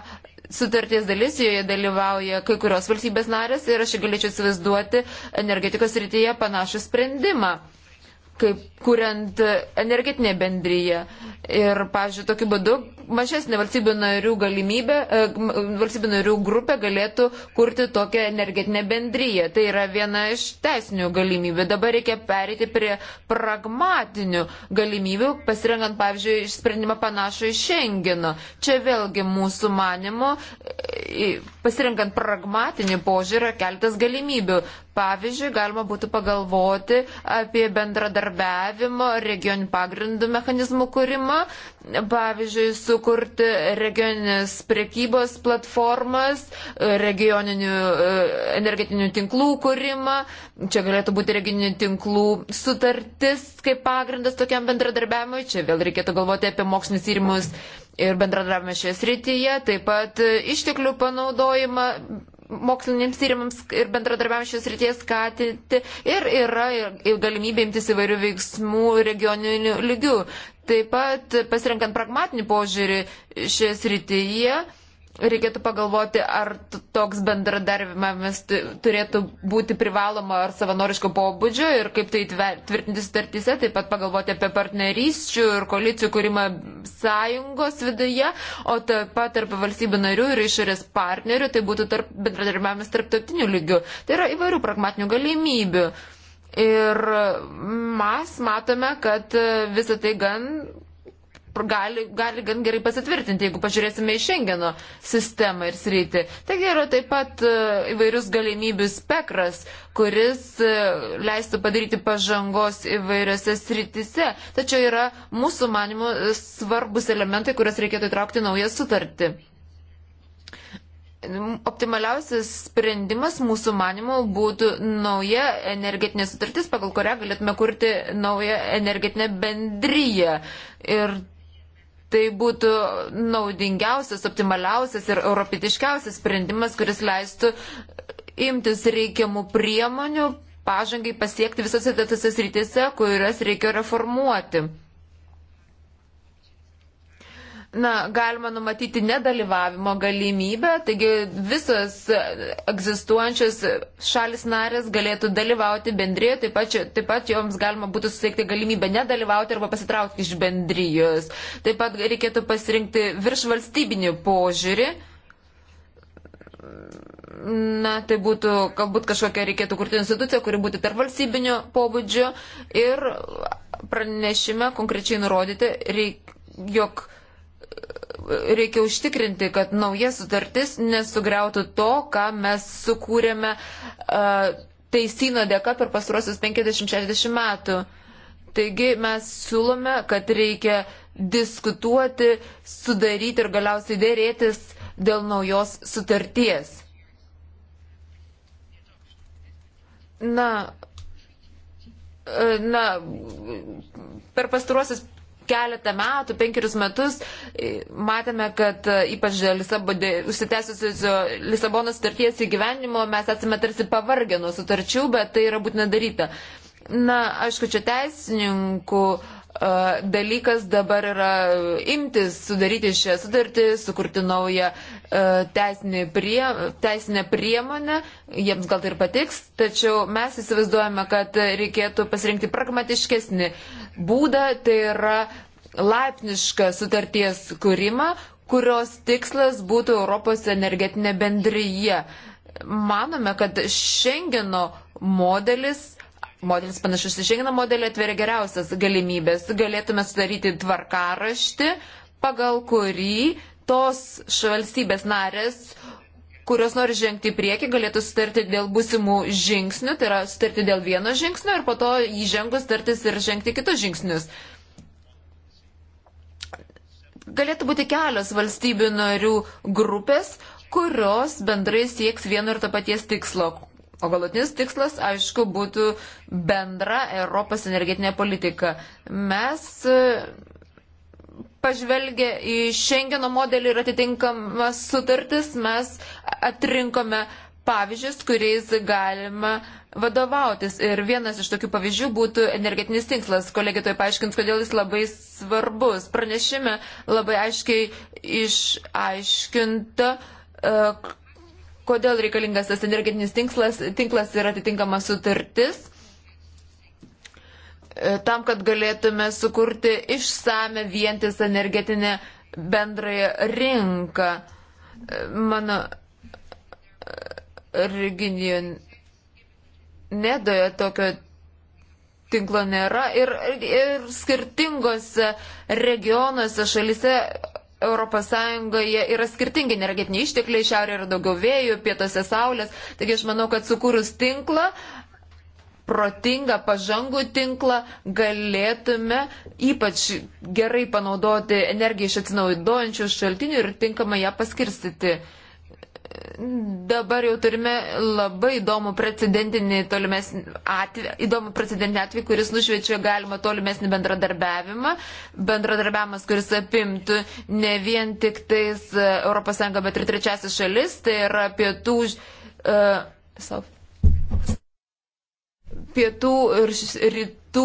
Sutarties dalis joje dalyvauja kai kurios valstybės narės ir aš galėčiau įsivaizduoti energetikos rytyje panašų sprendimą kaip kuriant energetinę bendryją. Ir, pavyzdžiui, tokiu būdu mažesnė valstybių narių galimybė, e, valstybių narių grupė galėtų kurti tokią energetinę bendryją. Tai yra viena iš teisinių galimybių. Dabar reikia perėti prie pragmatinių galimybių, pasirengant, pavyzdžiui, išsprendimą panašų į Schengeno. Čia vėlgi mūsų manimo, e, pasirengant pragmatinį požiūrį, keltas galimybių. Pavyzdžiui, galima būtų pagalvoti apie bendradarbiavimo regionių pagrindų mechanizmų kūrimą, pavyzdžiui, sukurti regioninės prekybos platformas, regioninių e, energetinių tinklų kūrimą, čia galėtų būti regioninių tinklų sutartis kaip pagrindas tokiam bendradarbiavimui, čia vėl reikėtų galvoti apie mokslinius tyrimus ir bendradarbiavimą šioje srityje, taip pat išteklių panaudojimą moksliniams tyrimams ir bendradarbiavimams šios ryties skatinti ir yra ir galimybė imtis įvairių veiksmų regioninių lygių. Taip pat pasirinkant pragmatinį požiūrį šioje srityje reikėtų pagalvoti, ar toks bendradarbiavimas turėtų būti privaloma ar savanoriško pobūdžio ir kaip tai tvirtinti sutartyse, taip pat pagalvoti apie partnerysčių ir koalicijų kūrimą sąjungos viduje, o taip pat tarp valstybių narių ir išorės partnerių, tai būtų tarp, bendradarbiavimas tarptautinių lygių. Tai yra įvairių pragmatinių galimybių. Ir mes matome, kad e, visą tai gan gali, gali gan gerai pasitvirtinti, jeigu pažiūrėsime į Schengeno sistemą ir sritį. Taigi yra taip pat e, įvairius galimybių spektras, kuris e, leistų padaryti pažangos įvairiose sritise. Tačiau yra mūsų manimo svarbus elementai, kurias reikėtų įtraukti naują sutartį optimaliausias sprendimas mūsų manimų būtų nauja energetinė sutartis, pagal kurią galėtume kurti naują energetinę bendryją. Ir tai būtų naudingiausias, optimaliausias ir europietiškiausias sprendimas, kuris leistų imtis reikiamų priemonių pažangai pasiekti visose tose srityse, kurias reikia reformuoti na, galima numatyti nedalyvavimo galimybę, taigi visos egzistuojančios šalis narės galėtų dalyvauti bendrijoje, taip pat, taip pat joms galima būtų susiekti galimybę nedalyvauti arba pasitraukti iš bendrijos. Taip pat reikėtų pasirinkti viršvalstybinį požiūrį. Na, tai būtų, galbūt kažkokia reikėtų kurti institucija, kuri būtų tarp valstybinio pobūdžio ir pranešime konkrečiai nurodyti, reik, jog uh, reikia užtikrinti, kad nauja sutartis nesugriautų to, ką mes sukūrėme teisino dėka per pastaruosius 50-60 metų. Taigi mes siūlome, kad reikia diskutuoti, sudaryti ir galiausiai dėrėtis dėl naujos sutarties. Na, e, na per pastaruosius keletą metų, penkerius metus, e, matėme, kad e, ypač užsitęsusio Lisabonos sutarties įgyvenimo mes esame tarsi pavargę nuo sutarčių, bet tai yra būtina daryti. Na, aišku, čia teisininkų e, dalykas dabar yra imtis sudaryti šią sutartį, sukurti naują teisinę, prie, teisinę priemonę, jiems gal tai ir patiks, tačiau mes įsivaizduojame, kad reikėtų pasirinkti pragmatiškesnį uh, būdą, tai yra laipsnišką sutarties kūrimą, kurios tikslas būtų Europos energetinė bendryje. Manome, kad Šengeno modelis modelis panašus į Šengeno modelį atveria geriausias galimybės. Galėtume sudaryti tvarkaraštį, pagal kurį tos valstybės narės, kurios nori žengti į priekį, galėtų sutarti dėl būsimų žingsnių, tai yra sutarti dėl vieno žingsnio ir po to įžengus tartis ir žengti kitus žingsnius. Galėtų būti kelios valstybių narių grupės, kurios bendrai sieks vieno ir to paties tikslo. O galutinis tikslas, aišku, būtų bendra Europos energetinė politika. Mes pažvelgę į Schengeno modelį ir atitinkamas sutartis, mes atrinkome pavyzdžius, kuriais galima vadovautis. Ir vienas iš tokių pavyzdžių būtų energetinis tinklas. Kolegė toj paaiškins, kodėl jis labai svarbus. Pranešime labai aiškiai išaiškinta, e, kodėl reikalingas tas energetinis tinklas, tinklas yra atitinkama sutartis. E, tam, kad galėtume sukurti išsame vientis energetinę bendrąją rinką. E, mano e, regione nedoje tokio tinklo nėra ir, ir skirtingose regionuose, šalise ES yra skirtingi energetiniai ištekliai, šiaurėje yra daugiau vėjų, pietose saulės. Taigi aš manau, kad sukūrus tinklą protingą, pažangų tinklą galėtume ypač gerai panaudoti energiją iš atsinaudojančių šaltinių ir tinkamai ją paskirstyti. Dabar jau turime labai įdomų precedentinį tolimesnį atvejį, įdomų precedentinį atvejį, kuris nušvečia galima tolimesnį bendradarbiavimą. Bendradarbiavimas, kuris apimtų ne vien tik tais ES, bet ir trečiasis šalis, tai yra pietų uh, pietų ir rytų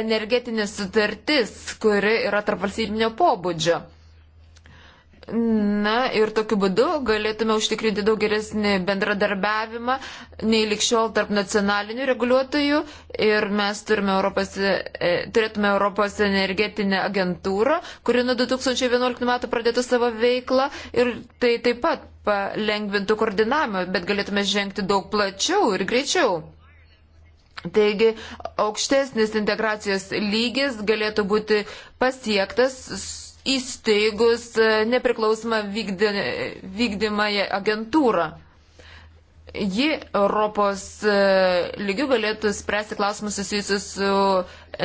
energetinė sutartis, kuri yra tarpvalstybinio pobūdžio. Na ir tokiu būdu galėtume užtikrinti daug geresnį bendradarbiavimą nei likščiol tarp nacionalinių reguliuotojų ir mes turime Europos, e, turėtume Europos energetinę agentūrą, kuri nuo 2011 metų pradėtų savo veiklą ir tai taip pat palengvintų koordinavimą, bet galėtume žengti daug plačiau ir greičiau. Taigi aukštesnis integracijos lygis galėtų būti pasiektas įsteigus e, nepriklausomą vykdymąją agentūrą. Ji Europos e, lygių galėtų spręsti klausimus susijusius su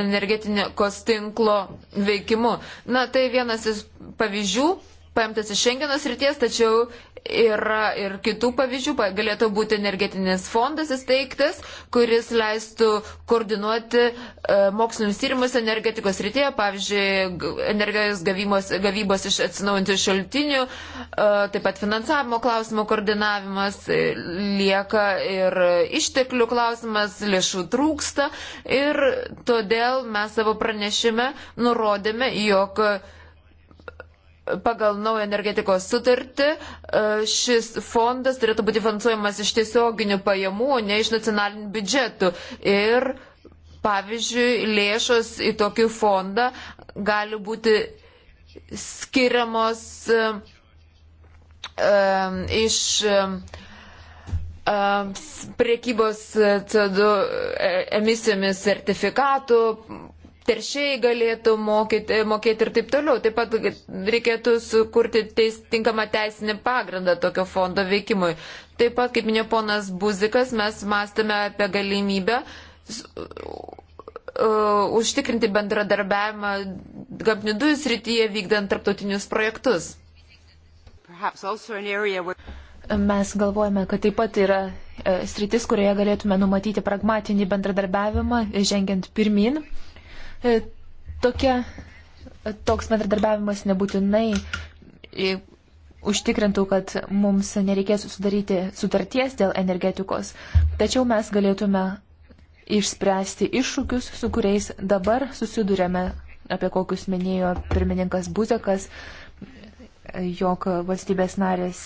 energetinio kostinklo veikimu. Na, tai vienas iš pavyzdžių paimtas iš Šengenos ryties, tačiau yra ir kitų pavyzdžių. Galėtų būti energetinis fondas įsteigtas, kuris leistų koordinuoti e, mokslinius tyrimus energetikos rytėje, pavyzdžiui, energijos gavimos, gavybos iš atsinaujantį šaltinių, e, taip pat finansavimo klausimo koordinavimas, e, lieka ir išteklių klausimas, lėšų trūksta ir todėl mes savo pranešime nurodėme, jog pagal naują energetikos sutartį e, šis fondas turėtų būti finansuojamas iš tiesioginių pajamų, ne iš nacionalinių biudžetų. Ir, pavyzdžiui, lėšos į tokį fondą gali būti skiriamos um, iš um, priekybos CO2 emisijomis sertifikatų teršėjai galėtų mokyti, mokėti ir taip toliau. Taip pat reikėtų sukurti teis, tinkamą teisinį pagrindą tokio fondo veikimui. Taip pat, kaip minėjo ponas Buzikas, mes mąstame apie galimybę užtikrinti bendradarbiavimą gamtinių dujų srityje vykdant tarptautinius projektus. Mes galvojame, kad taip pat yra e, sritis, kurioje galėtume numatyti pragmatinį bendradarbiavimą, e, žengiant pirmin. E, tokia, e, toks bendradarbiavimas nebūtinai e, užtikrintų, kad mums nereikės sudaryti sutarties dėl energetikos, tačiau mes galėtume išspręsti iššūkius, su kuriais dabar susidurėme, apie kokius minėjo pirmininkas Buzekas, jog valstybės narės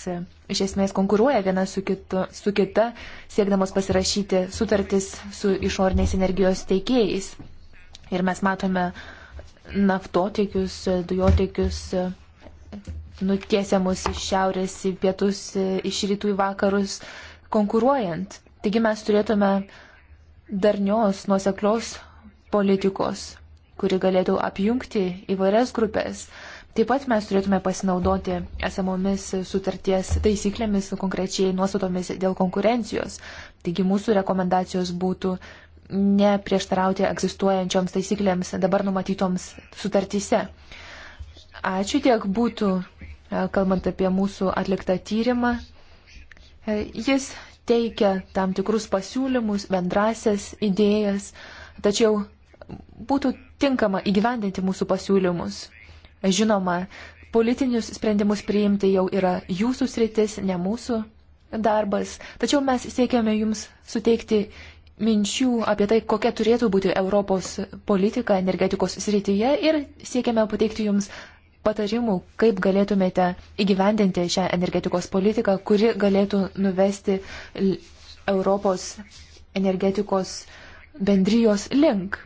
iš esmės konkuruoja viena su, kitu, su kita, siekdamos pasirašyti sutartis su išorniais energijos teikėjais. Ir mes matome naftotiekius, dujotiekius nutiesiamus iš šiaurės į pietus, iš rytų į vakarus konkuruojant. Taigi mes turėtume darnios, nuoseklios politikos, kuri galėtų apjungti įvairias grupės. Taip pat mes turėtume pasinaudoti esamomis sutarties taisyklėmis, konkrečiai nuostatomis dėl konkurencijos. Taigi mūsų rekomendacijos būtų neprieštarauti egzistuojančioms taisyklėms dabar numatytoms sutartyse. Ačiū tiek būtų, e, kalbant apie mūsų atliktą tyrimą. E, jis teikia tam tikrus pasiūlymus, bendrasias idėjas, tačiau būtų tinkama įgyvendinti mūsų pasiūlymus. Žinoma, politinius sprendimus priimti jau yra jūsų sritis, ne mūsų darbas, tačiau mes siekiame jums suteikti minčių apie tai, kokia turėtų būti Europos politika energetikos srityje ir siekiame pateikti Jums patarimų, kaip galėtumėte įgyvendinti šią energetikos politiką, kuri galėtų nuvesti Europos energetikos bendrijos link.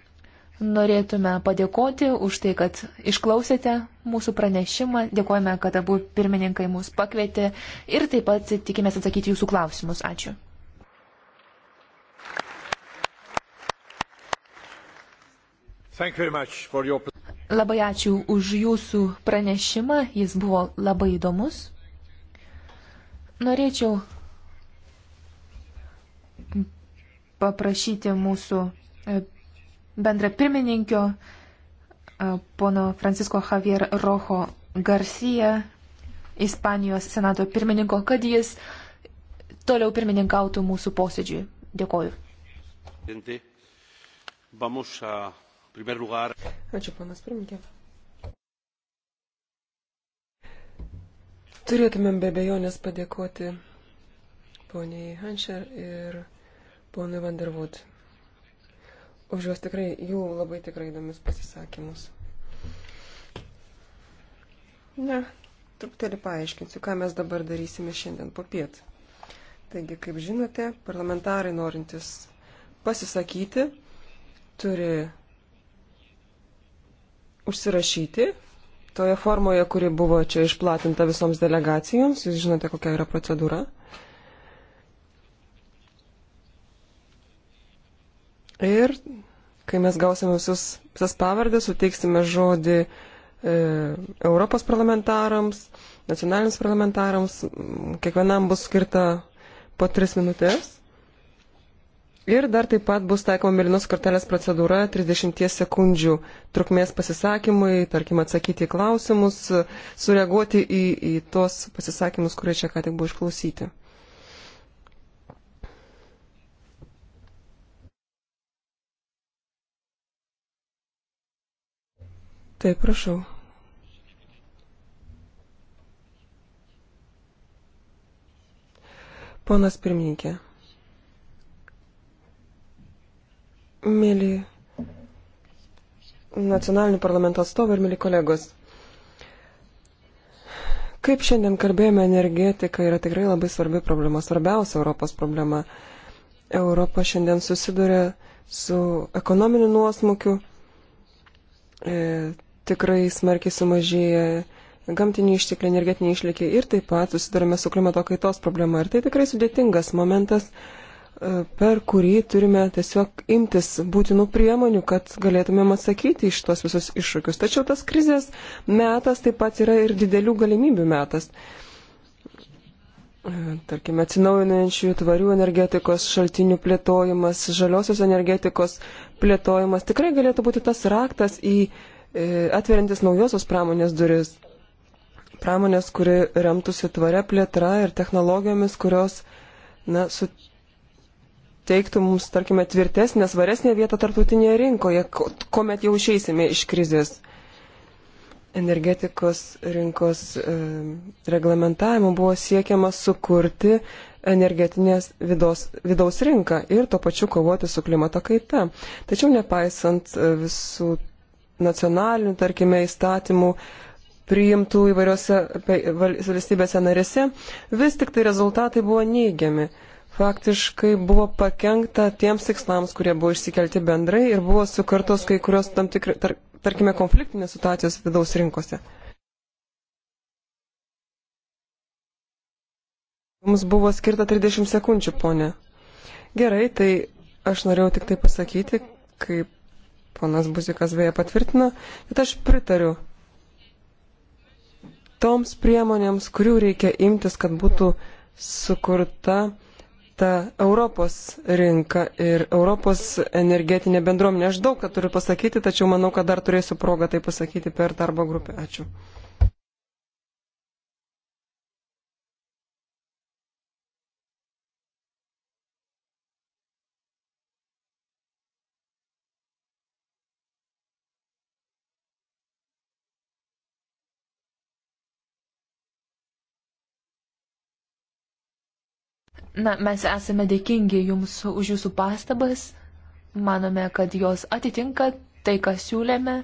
Norėtume padėkoti už tai, kad išklausėte mūsų pranešimą. Dėkojame, kad abu pirmininkai mus pakvietė ir taip pat tikimės atsakyti jūsų klausimus. Ačiū. Your... Labai ačiū už jūsų pranešimą, jis buvo labai įdomus. Norėčiau paprašyti mūsų e, bendra pirmininkio, e, pono Francisco Javier Rojo Garcia, Ispanijos senato pirmininko, kad jis toliau pirmininkautų mūsų posėdžiui. Dėkoju. Vamos a primer lugar. Ačiū, panas pirmininkė. Turėtumėm be bejonės padėkoti poniai Hanšer ir ponui Vanderwood už juos tikrai, jų labai tikrai įdomius pasisakymus. Na, truputėlį paaiškinsiu, ką mes dabar darysime šiandien po piet. Taigi, kaip žinote, parlamentarai norintys pasisakyti turi užsirašyti toje formoje, kuri buvo čia išplatinta visoms delegacijoms. Jūs žinote, kokia yra procedūra. Ir kai mes gausime visus, visas pavardės, suteiksime žodį e, Europos parlamentarams, nacionaliniams parlamentarams, kiekvienam bus skirta po tris minutės. Ir dar taip pat bus taikoma mėlynos kortelės procedūra 30 sekundžių trukmės pasisakymui, tarkim, atsakyti į klausimus, sureaguoti į, į tos pasisakymus, kurie čia ką tik buvo išklausyti. Taip, prašau. Ponas pirmininkė. Mėly nacionalinių parlamento atstovai ir mėly kolegos. Kaip šiandien kalbėjome, energetika yra tikrai labai svarbi problema, svarbiausia Europos problema. Europa šiandien susiduria su ekonominiu nuosmukiu, e, tikrai smarkiai sumažėja gamtiniai ištekliai, energetiniai išlikiai ir taip pat susidurime su klimato kaitos problema. Ir tai tikrai sudėtingas momentas, per kurį turime tiesiog imtis būtinų priemonių, kad galėtumėm atsakyti iš tos visus iššūkius. Tačiau tas krizės metas taip pat yra ir didelių galimybių metas. E, tarkime, atsinaujinančių tvarių energetikos šaltinių plėtojimas, žaliosios energetikos plėtojimas tikrai galėtų būti tas raktas į e, atveriantis naujosios pramonės duris. Pramonės, kuri remtųsi tvaria plėtra ir technologijomis, kurios na, su, teiktų mums, tarkime, tvirtesnę, svaresnę vietą tarptautinėje rinkoje, kuomet jau išeisime iš krizės. Energetikos rinkos e, reglamentavimo buvo siekiama sukurti energetinės vidaus, vidaus rinką ir tuo pačiu kovoti su klimato kaita. Tačiau nepaisant e, visų nacionalinių, tarkime, įstatymų, priimtų įvairiose valstybėse narėse, vis tik tai rezultatai buvo neigiami faktiškai buvo pakengta tiems tikslams, kurie buvo išsikelti bendrai ir buvo sukartos kai kurios tam tikri, tar, tarkime, konfliktinės situacijos vidaus rinkose. Mums buvo skirta 30 sekundžių, ponė. Gerai, tai aš norėjau tik tai pasakyti, kaip ponas Buzikas vėja patvirtino, bet aš pritariu toms priemonėms, kurių reikia imtis, kad būtų sukurta ta Europos rinka ir Europos energetinė bendruomenė. Aš daug ką turiu pasakyti, tačiau manau, kad dar turėsiu progą tai pasakyti per darbo grupę. Ačiū. Na, mes esame dėkingi Jums už Jūsų pastabas. Manome, kad jos atitinka tai, ką siūlėme.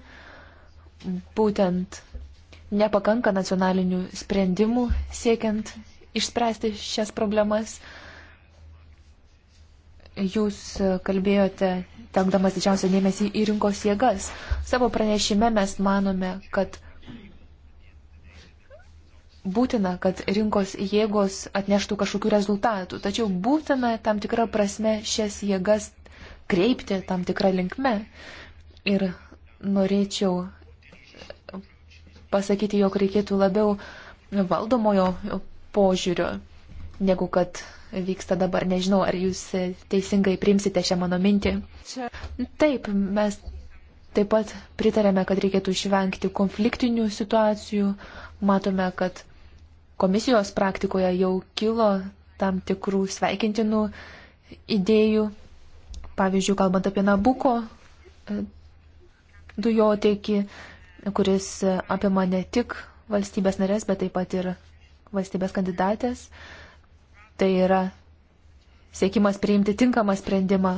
Būtent nepakanka nacionalinių sprendimų siekiant išspręsti šias problemas. Jūs kalbėjote, tenkdamas didžiausią dėmesį į rinkos jėgas. Savo pranešime mes manome, kad būtina, kad rinkos jėgos atneštų kažkokių rezultatų, tačiau būtina tam tikrą prasme šias jėgas kreipti tam tikrą linkme. Ir norėčiau pasakyti, jog reikėtų labiau valdomojo požiūrio, negu kad vyksta dabar. Nežinau, ar jūs teisingai primsite šią mano mintį. Taip, mes taip pat pritarėme, kad reikėtų išvengti konfliktinių situacijų. Matome, kad komisijos praktikoje jau kilo tam tikrų sveikintinų idėjų. Pavyzdžiui, kalbant apie Nabuko e, dujotiekį, kuris apima ne tik valstybės narės, bet taip pat ir valstybės kandidatės. Tai yra siekimas priimti tinkamą sprendimą,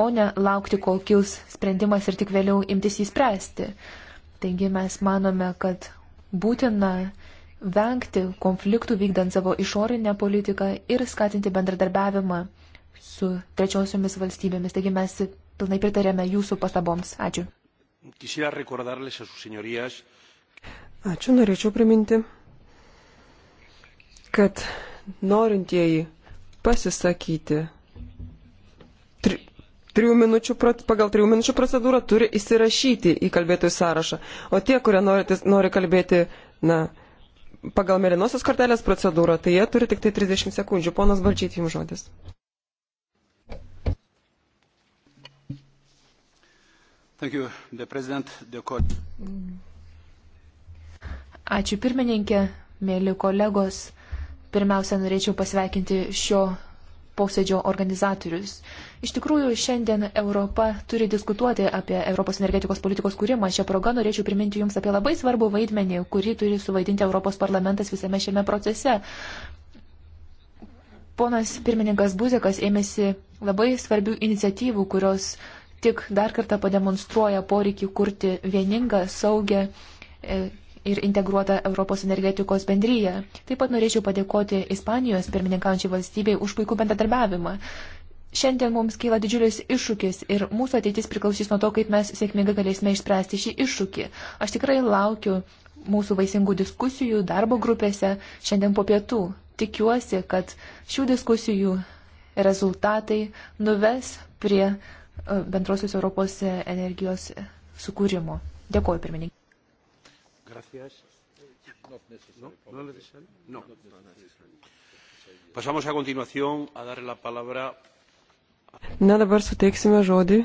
o ne laukti, kol kils sprendimas ir tik vėliau imtis jį spręsti. Taigi mes manome, kad būtina vengti konfliktų vykdant savo išorinę politiką ir skatinti bendradarbiavimą su trečiosiomis valstybėmis. Taigi mes pilnai pritarėme jūsų pastaboms. Ačiū. Ačiū, norėčiau priminti, kad norintieji pasisakyti tri, trijų minučių, pagal trijų minučių procedūrą turi įsirašyti į kalbėtojų sąrašą. O tie, kurie nori, nori kalbėti, na, pagal mėlynosios kortelės procedūrą, tai jie turi tik tai 30 sekundžių. Ponas Balčyt, jums žodis. You, Ačiū pirmininkė, mėly kolegos. Pirmiausia, norėčiau pasveikinti šio posėdžio organizatorius. Iš tikrųjų, šiandien Europa turi diskutuoti apie Europos energetikos politikos kūrimą. Šią progą norėčiau priminti Jums apie labai svarbų vaidmenį, kurį turi suvaidinti Europos parlamentas visame šiame procese. Ponas pirmininkas Buzekas ėmėsi labai svarbių iniciatyvų, kurios tik dar kartą pademonstruoja poreikį kurti vieningą, saugę e, ir integruotą Europos energetikos bendryją. Taip pat norėčiau padėkoti Ispanijos pirmininkaujančiai valstybei už puikų bendradarbiavimą. Šiandien mums kyla didžiulis iššūkis ir mūsų ateitis priklausys nuo to, kaip mes sėkmingai galėsime išspręsti šį iššūkį. Aš tikrai laukiu mūsų vaisingų diskusijų darbo grupėse šiandien po pietų. Tikiuosi, kad šių diskusijų rezultatai nuves prie e, bendrosios Europos e, energijos sukūrimo. Dėkuoju, pirmininkai. Gracias. ¿No? ¿No es necesario? No. Pasamos a continuación a dar la palabra. Na dabar suteiksime žodį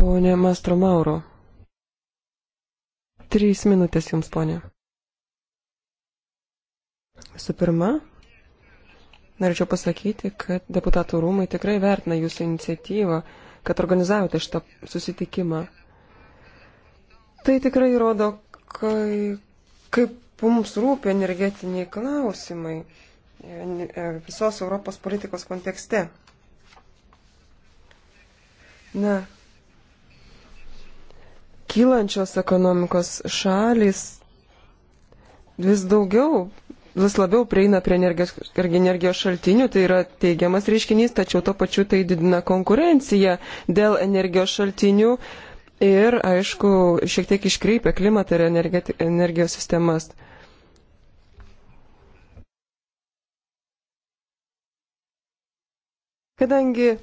Pone Mastro Mauro. Trys minutės jums, ponė. Visų pirma, Norėčiau pasakyti, kad deputatų rūmai tikrai vertina jūsų iniciatyvą, kad organizavote šitą susitikimą. Tai tikrai rodo, kai, kaip mums rūpi energetiniai klausimai e, e, visos Europos politikos kontekste. Na, kylančios ekonomikos šalis vis daugiau vis labiau prieina prie energijos, energijos šaltinių, tai yra teigiamas reiškinys, tačiau to pačiu tai didina konkurenciją dėl energijos šaltinių ir, aišku, šiek tiek iškreipia klimatą ir energijos sistemas. Kadangi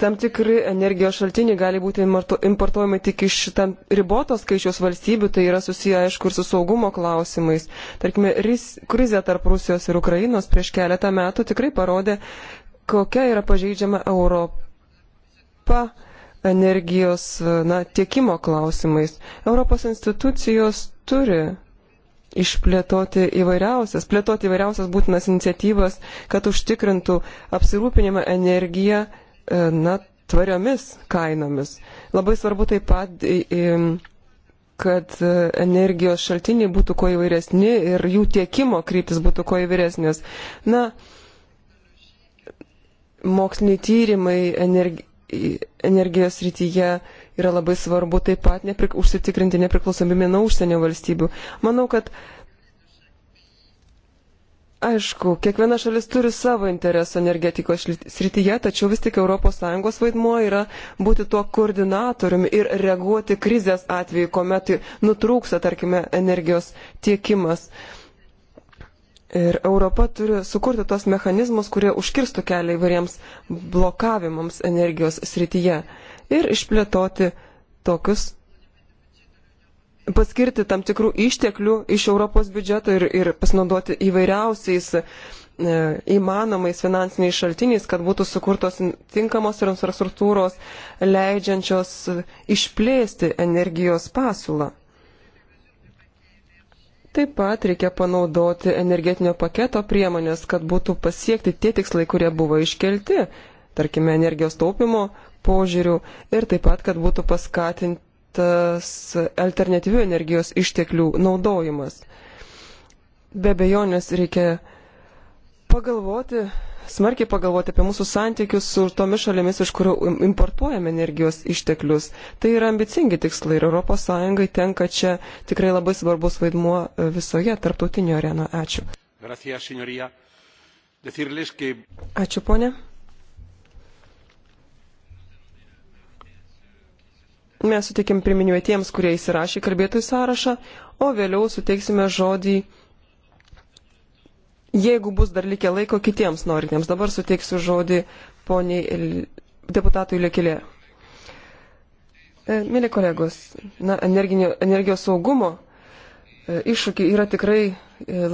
tam tikri energijos šaltiniai gali būti importuojami tik iš tam riboto skaičiaus valstybių, tai yra susiję aišku ir su saugumo klausimais. Tarkime, krizė tarp Rusijos ir Ukrainos prieš keletą metų tikrai parodė, kokia yra pažeidžiama Europa energijos na, tiekimo klausimais. Europos institucijos turi išplėtoti įvairiausias, plėtoti įvairiausias būtinas iniciatyvas, kad užtikrintų apsirūpinimą energiją E, na, tvariomis kainomis. Labai svarbu taip pat, kad e, energijos šaltiniai būtų kuo įvairesni ir jų tiekimo kryptis būtų kuo įvairesnės. Na, moksliniai tyrimai energi energijos rytyje yra labai svarbu taip pat neprik užsitikrinti nepriklausomybę nuo užsienio valstybių. Manau, kad uh, Aišku, kiekviena šalis turi savo interesą energetikos srityje, tačiau vis tik ES vaidmuo yra būti tuo koordinatoriumi ir reaguoti krizės atveju, kuomet nutrūksa, tarkime, energijos tiekimas. Ir Europa turi sukurti tos mechanizmus, kurie užkirstų kelią įvairiems blokavimams energijos srityje ir išplėtoti tokius paskirti tam tikrų išteklių iš Europos biudžeto ir, ir pasinaudoti įvairiausiais e, įmanomais finansiniais šaltiniais, kad būtų sukurtos tinkamos infrastruktūros, leidžiančios išplėsti energijos pasiūlą. Taip pat reikia panaudoti energetinio paketo priemonės, kad būtų pasiekti tie tikslai, kurie buvo iškelti, tarkime, energijos taupimo požiūrių ir taip pat, kad būtų paskatinti tas alternatyvių energijos išteklių naudojimas. Be bejonės reikia pagalvoti, smarkiai pagalvoti apie mūsų santykius su tomis šalimis, iš kurių importuojame energijos išteklius. Tai yra ambicingi tikslai ir ES tenka čia tikrai labai svarbus vaidmuo e, visoje tarptautinio areno. Ačiū. Gracias, Ačiū, ponė. Mes suteikėm pirminių tiems, kurie įsirašė kalbėtojų sąrašą, o vėliau suteiksime žodį, jeigu bus dar likę laiko kitiems norintiems. Dabar suteiksiu žodį poniai deputatui Lekilė. E, mėly kolegos, na, energinio, energijos saugumo e, iššūkiai yra tikrai e,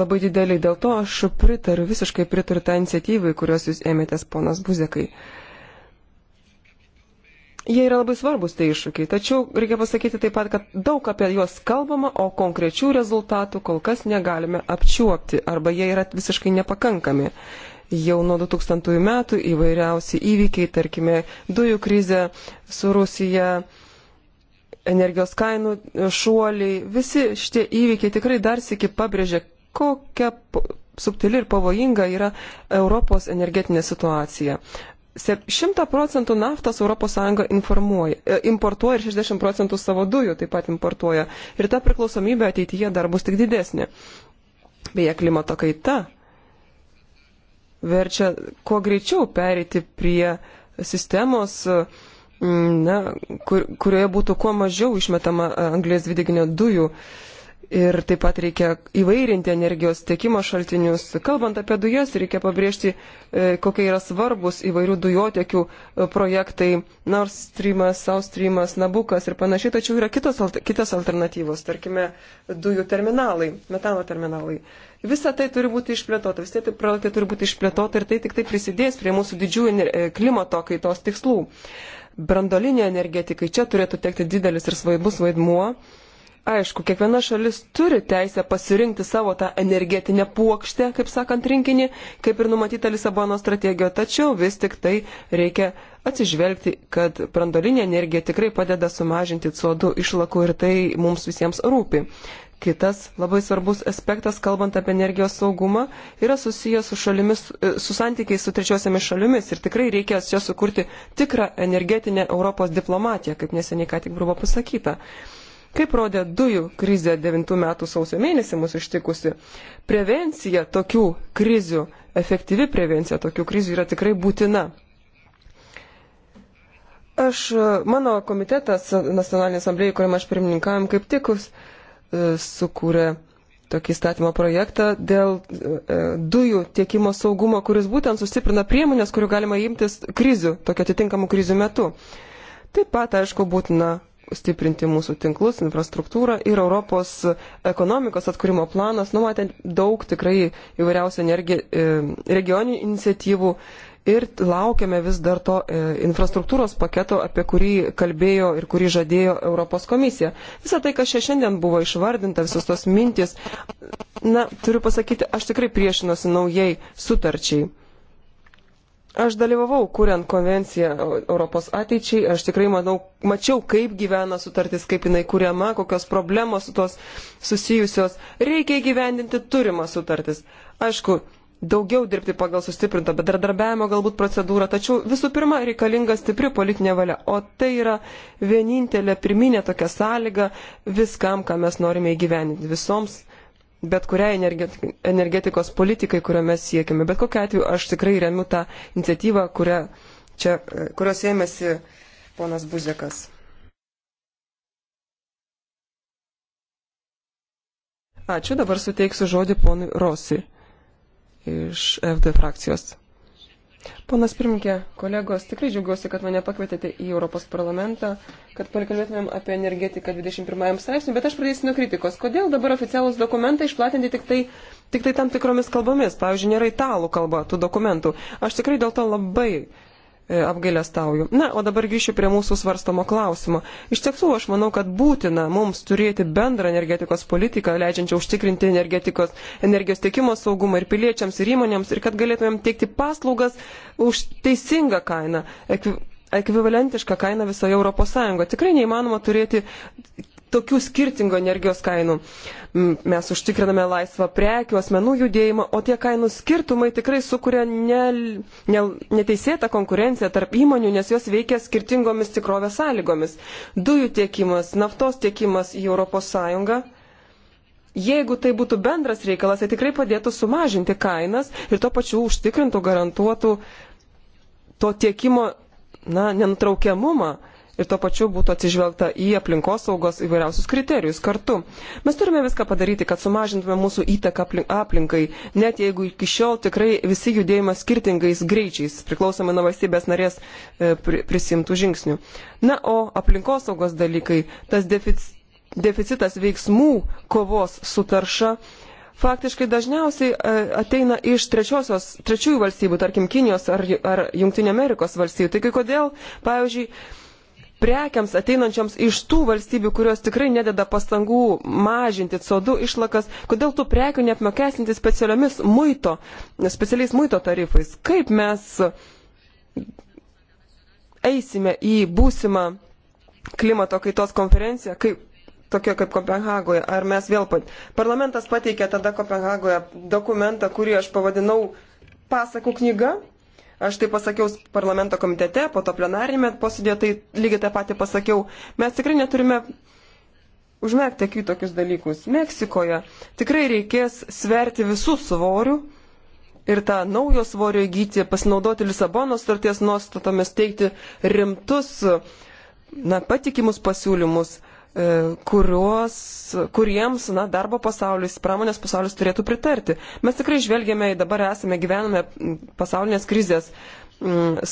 labai dideliai. Dėl to aš pritariu, visiškai pritariu tą iniciatyvai, kurios jūs ėmėtės, ponas Buzekai. Jie yra labai svarbus tai iššūkiai, tačiau reikia pasakyti taip pat, kad daug apie juos kalbama, o konkrečių rezultatų kol kas negalime apčiuopti arba jie yra visiškai nepakankami. Jau nuo 2000 metų įvairiausi įvykiai, tarkime, dujų krizė su Rusija, energijos kainų šuoliai, visi šitie įvykiai tikrai dar sėki pabrėžia, kokia subtili ir pavojinga yra Europos energetinė situacija. 100 procentų naftos ES e, importuoja ir 60 procentų savo dujų taip pat importuoja. Ir ta priklausomybė ateityje dar bus tik didesnė. Beje, klimato kaita verčia kuo greičiau pereiti prie sistemos, e, na, kur, kurioje būtų kuo mažiau išmetama e, anglės dvideginio dujų. Uh, Ir taip pat reikia įvairinti energijos tiekimo šaltinius. Kalbant apie dujas, reikia pabrėžti, e, kokie yra svarbus įvairių dujotiekių e, projektai Nord Streamas, South Streamas, Nabukas ir panašiai, tačiau yra kitos, kitas alternatyvos, tarkime, dujų terminalai, metano terminalai. Visa tai turi būti išplėtota, visi tai projektai turi būti išplėtota ir tai tik tai prisidės prie mūsų didžiųjų e, klimato kaitos tikslų. Brandolinė energetikai čia turėtų tekti didelis ir svarbus vaidmuo. Aišku, kiekviena šalis turi teisę pasirinkti savo tą energetinę puokštę, kaip sakant, rinkinį, kaip ir numatyta Lisabono strategijoje, tačiau vis tik tai reikia atsižvelgti, kad brandolinė energija tikrai padeda sumažinti CO2 išlakų ir tai mums visiems rūpi. Kitas labai svarbus aspektas, kalbant apie energijos saugumą, yra susijęs su, šalimis, e, su santykiais su trečiosiamis šalimis ir tikrai reikia čia sukurti tikrą energetinę Europos diplomatiją, kaip neseniai ką tik buvo pasakyta. Kaip rodė dujų krizė 9 metų sausio mėnesį mūsų ištikusi, prevencija tokių krizių, efektyvi prevencija tokių krizių yra tikrai būtina. Aš, mano komitetas Nacionalinė asamblėje, kuriam aš pirmininkavim, kaip tikus, e, sukūrė tokį įstatymo projektą dėl e, dujų tiekimo saugumo, kuris būtent sustiprina priemonės, kurių galima imtis krizių, tokio atitinkamų krizių metu. Taip pat, aišku, būtina stiprinti mūsų tinklus, infrastruktūrą ir Europos ekonomikos atkūrimo planas numatė daug tikrai įvairiausių energi, e, regioninių iniciatyvų ir laukiame vis dar to e, infrastruktūros paketo, apie kurį kalbėjo ir kurį žadėjo Europos komisija. Visą tai, kas čia šiandien buvo išvardinta, visos tos mintis, na, turiu pasakyti, aš tikrai priešinosi naujai sutarčiai Aš dalyvavau, kuriant konvenciją Europos ateičiai, aš tikrai manau, mačiau, kaip gyvena sutartis, kaip jinai kuriama, kokios problemos su tos susijusios. Reikia įgyvendinti turimą sutartis. Aišku, daugiau dirbti pagal sustiprintą bedradarbiavimo galbūt procedūrą, tačiau visų pirma reikalinga stipri politinė valia, o tai yra vienintelė pirminė tokia sąlyga viskam, ką mes norime įgyvendinti, visoms bet kuriai energetikos politikai, kurio mes siekiame. Bet kokiu atveju aš tikrai remiu tą iniciatyvą, kurią čia, kurios ėmėsi ponas Buzekas. Ačiū, dabar suteiksiu žodį ponui Rosi iš FD frakcijos. Ponas pirmininkė, kolegos, tikrai džiaugiuosi, kad mane pakvietėte į Europos parlamentą, kad pakalbėtumėm apie energetiką 21 straipsnių, bet aš pradėsiu nuo kritikos. Kodėl dabar oficialūs dokumentai išplatinti tik tai, tik tai tam tikromis kalbomis? Pavyzdžiui, nėra italų kalba tų dokumentų. Aš tikrai dėl to labai E, apgailestauju. Na, o dabar grįšiu prie mūsų svarstomo klausimo. Iš tiesų, aš manau, kad būtina mums turėti bendrą energetikos politiką, leidžiančią užtikrinti energetikos, energijos tiekimo saugumą ir piliečiams, ir įmonėms, ir kad galėtumėm teikti paslaugas už teisingą kainą ekvivalentišką kainą visoje Europos Sąjungoje. Tikrai neįmanoma turėti tokių skirtingų energijos kainų. Mes užtikriname laisvą prekių, asmenų judėjimą, o tie kainų skirtumai tikrai sukuria ne, ne, neteisėtą konkurenciją tarp įmonių, nes jos veikia skirtingomis tikrovės sąlygomis. Dujų tiekimas, naftos tiekimas į ES. Jeigu tai būtų bendras reikalas, tai tikrai padėtų sumažinti kainas ir tuo pačiu užtikrintų, garantuotų to tiekimo na, nenutraukiamumą ir tuo pačiu būtų atsižvelgta į aplinkosaugos įvairiausius kriterijus kartu. Mes turime viską padaryti, kad sumažintume mūsų įtaką aplinkai, net jeigu iki šiol tikrai visi judėjimą skirtingais greičiais, priklausomai nuo valstybės narės e, prisimtų žingsnių. Na, o aplinkosaugos dalykai, tas deficitas veiksmų kovos su tarša, faktiškai dažniausiai e, ateina iš trečiosios, trečiųjų valstybių, tarkim Kinijos ar, ar Junktinio Amerikos valstybių. Taigi kodėl, pavyzdžiui, prekiams ateinančioms iš tų valstybių, kurios tikrai nededa pastangų mažinti CO2 išlakas, kodėl tų prekių neapmokestinti specialiomis muito, specialiais muito tarifais? Kaip mes eisime į būsimą klimato kaitos konferenciją, kaip tokia kaip Kopenhagoje, ar mes vėl pat... Parlamentas pateikė tada Kopenhagoje dokumentą, kurį aš pavadinau pasakų knyga, Aš tai pasakiau parlamento komitete, po to plenarinėme posėdėje, tai lygiai tą patį pasakiau. Mes tikrai neturime užmerkti akių tokius dalykus. Meksikoje tikrai reikės sverti visų svorių ir tą naujo svorio įgyti, pasinaudoti Lisabono starties nuostatomis, teikti rimtus, na, patikimus pasiūlymus. E, kurios, kuriems na, darbo pasaulis, pramonės pasaulis turėtų pritarti. Mes tikrai žvelgėme į dabar esame gyvename pasaulinės krizės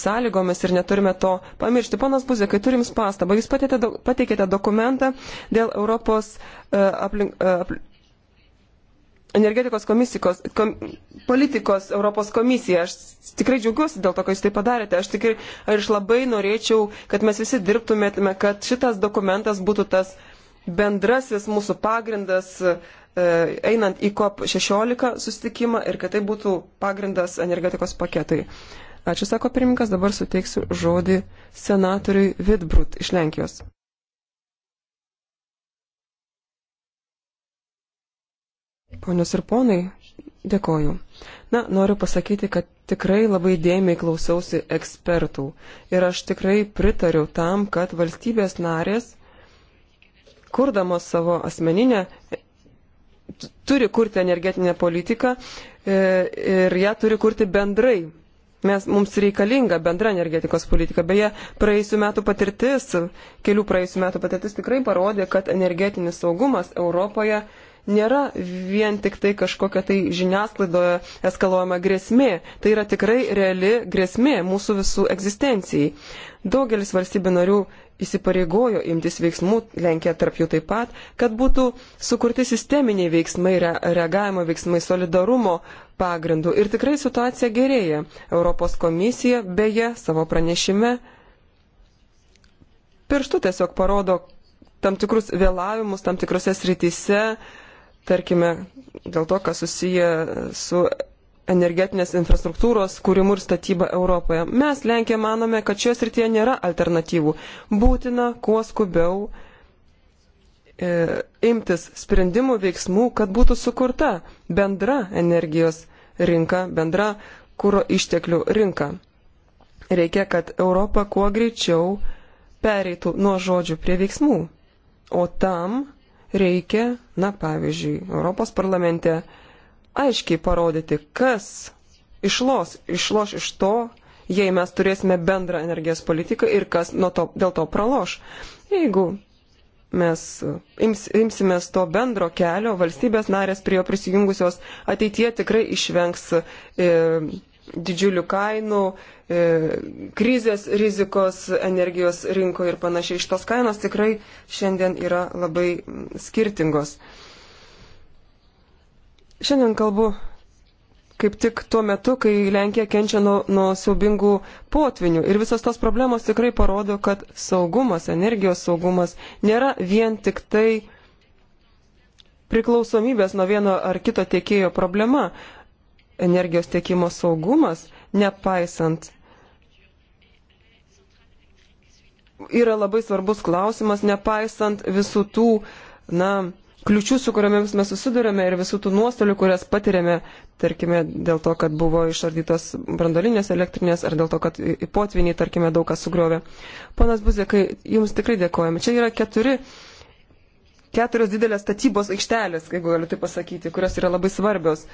sąlygomis ir neturime to pamiršti. Ponas Buzė, kai turim pastabą, jūs pateikėte, pateikėte dokumentą dėl Europos e, aplink, e, aplink, energetikos komisijos, kom, politikos Europos komisija. Aš tikrai džiaugiuosi dėl to, kad jūs tai padarėte. Aš tikrai, aš labai norėčiau, kad mes visi dirbtumėtume, kad šitas dokumentas būtų tas bendrasis mūsų pagrindas e, einant į COP16 susitikimą ir kad tai būtų pagrindas energetikos paketui. Ačiū, sako pirmininkas, dabar suteiksiu žodį senatoriui Vidbrut iš Lenkijos. Ponios ir ponai, dėkoju. Na, noriu pasakyti, kad tikrai labai dėmiai klausiausi ekspertų ir aš tikrai pritariu tam, kad valstybės narės, kurdamos savo asmeninę, turi kurti energetinę politiką e, ir ją turi kurti bendrai. Mes, mums reikalinga bendra energetikos politika. Beje, praėjusiu metu patirtis, kelių praėjusiu metu patirtis tikrai parodė, kad energetinis saugumas Europoje uh, nėra vien tik tai kažkokia tai žiniasklaidoje eskaluojama grėsmė, tai yra tikrai reali grėsmė mūsų visų egzistencijai. Daugelis valstybių narių įsipareigojo imtis veiksmų, Lenkija tarp jų taip pat, kad būtų sukurti sisteminiai veiksmai, reagavimo veiksmai, solidarumo pagrindų. Ir tikrai situacija gerėja. Europos komisija beje savo pranešime pirštų tiesiog parodo tam tikrus vėlavimus, tam tikrose srityse, uh, tarkime, dėl to, kas susiję su energetinės infrastruktūros kūrimu ir statyba Europoje. Mes, Lenkija, manome, kad šios rytyje nėra alternatyvų. Būtina kuo skubiau e, imtis sprendimų veiksmų, kad būtų sukurta bendra energijos rinka, bendra kūro išteklių rinka. Reikia, kad Europa kuo greičiau pereitų nuo žodžių prie veiksmų. O tam reikia, na pavyzdžiui, Europos parlamente aiškiai parodyti, kas išlos, išloš iš to, jei mes turėsime bendrą energijos politiką ir kas nuo to, dėl to praloš. Jeigu mes e, ims, imsimės to bendro kelio, valstybės narės prie jo prisijungusios ateitie tikrai išvengs e, didžiulių kainų, E, krizės rizikos energijos rinkoje ir panašiai. Šitos kainos tikrai šiandien yra labai skirtingos. Šiandien kalbu kaip tik tuo metu, kai Lenkija kenčia nuo, nuo siaubingų potvinių. Ir visos tos problemos tikrai parodo, kad saugumas, energijos saugumas nėra vien tik tai priklausomybės nuo vieno ar kito tiekėjo problema. Energijos tiekimo saugumas nepaisant. Yra labai svarbus klausimas, nepaisant visų tų, na, kliučių, su kuriomis mes susidurėme ir visų tų nuostolių, kurias patirėme, tarkime, dėl to, kad buvo išardytos brandolinės elektrinės ar dėl to, kad į potvinį, tarkime, daug kas sugriovė. Ponas Buzekai, jums tikrai dėkojame. Čia yra keturi, keturios didelės statybos aikštelės, jeigu galiu tai pasakyti, kurios yra labai svarbios.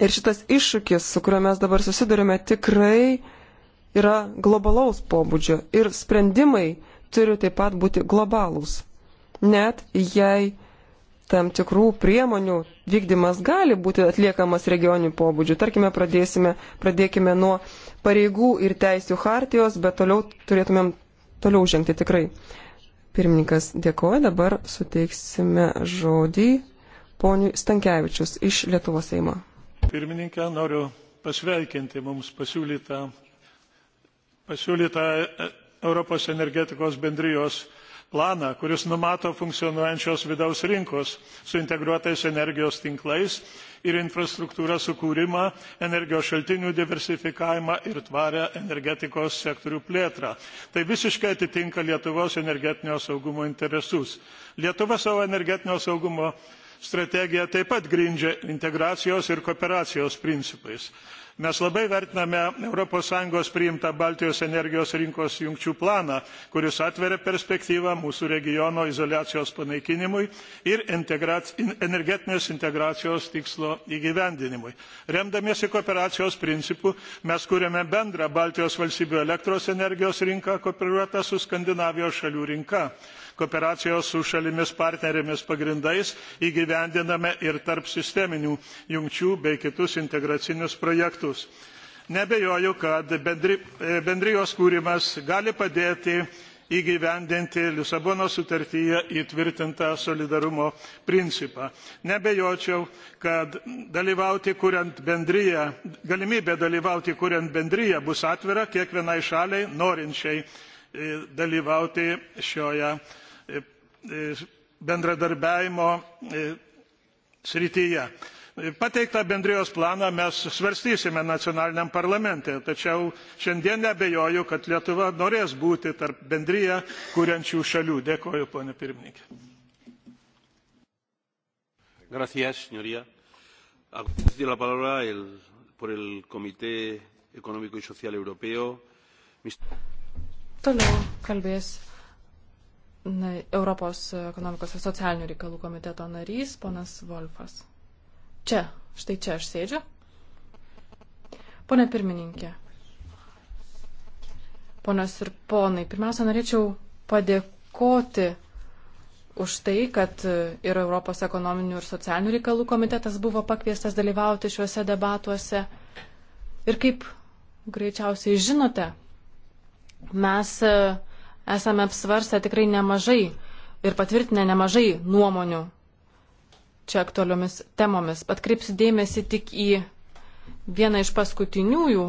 Ir šitas iššūkis, su kuriuo mes dabar susidurime, tikrai yra globalaus pobūdžio ir sprendimai turi taip pat būti globalūs. Net jei tam tikrų priemonių vykdymas gali būti atliekamas regioninių pobūdžių. Tarkime, pradėkime nuo pareigų ir teisių hartijos, bet toliau turėtumėm toliau žengti tikrai. Pirmininkas dėkoja, dabar suteiksime žodį poniui Stankevičius iš Lietuvos Seimo. Pirmininkė, noriu pasveikinti mums pasiūlytą, pasiūlytą e, Europos energetikos bendrijos planą, kuris numato funkcionuojančios vidaus rinkos su integruotais energijos tinklais ir infrastruktūra sukūrimą, energijos šaltinių diversifikavimą ir tvarę energetikos sektorių plėtrą. Tai visiškai atitinka Lietuvos energetinio saugumo interesus. Lietuva savo energetinio saugumo strategiją taip pat grindžia integracijos ir kooperacijos principais mes labai vertiname europos sąjungos priimtą baltijos energijos rinkos jungčių planą kuris atveria perspektyvą mūsų regiono izoliacijos panaikinimui ir integrac... energetinės integracijos tikslo įgyvendinimui. remdamiesi kooperacijos principu mes kuriame bendrą baltijos valstybių elektros energijos rinką kooperuotą su skandinavijos šalių rinka. kooperacijos su šalimis partnerėmis pagrindais įgyvendiname ir tarpsisteminių jungčių bei kitus integracinius projektus aspektus. Nebejoju, kad bendri, bendrijos kūrimas gali padėti įgyvendinti Lisabono sutartyje įtvirtintą solidarumo principą. Nebejočiau, kad dalyvauti kuriant bendryje, galimybė dalyvauti kuriant bendryje bus atvira kiekvienai šaliai norinčiai e, dalyvauti šioje e, e, bendradarbiavimo srityje pateiktą bendrijos planą mes svarstysime nacionaliniam parlamente tačiau šiandien neabejoju kad lietuva norės būti tarp bendriją kuriančių šalių. dėkoju pone pirmininke. Gracias, señoría. Agradezco la palabra el, por el Comité Económico y Social Europeo. Toliau kalbės na, Europos ekonomikos ir socialinių reikalų komiteto narys, ponas Wolfas. Čia, štai čia aš sėdžiu. Pone pirmininkė, ponios ir ponai, pirmiausia, norėčiau padėkoti už tai, kad ir Europos ekonominių ir socialinių reikalų komitetas buvo pakviestas dalyvauti šiuose debatuose. Ir kaip greičiausiai žinote, mes e, esame apsvarstę tikrai nemažai ir patvirtinę nemažai nuomonių čia aktualiomis temomis. Atkreipsiu dėmesį tik į vieną iš paskutiniųjų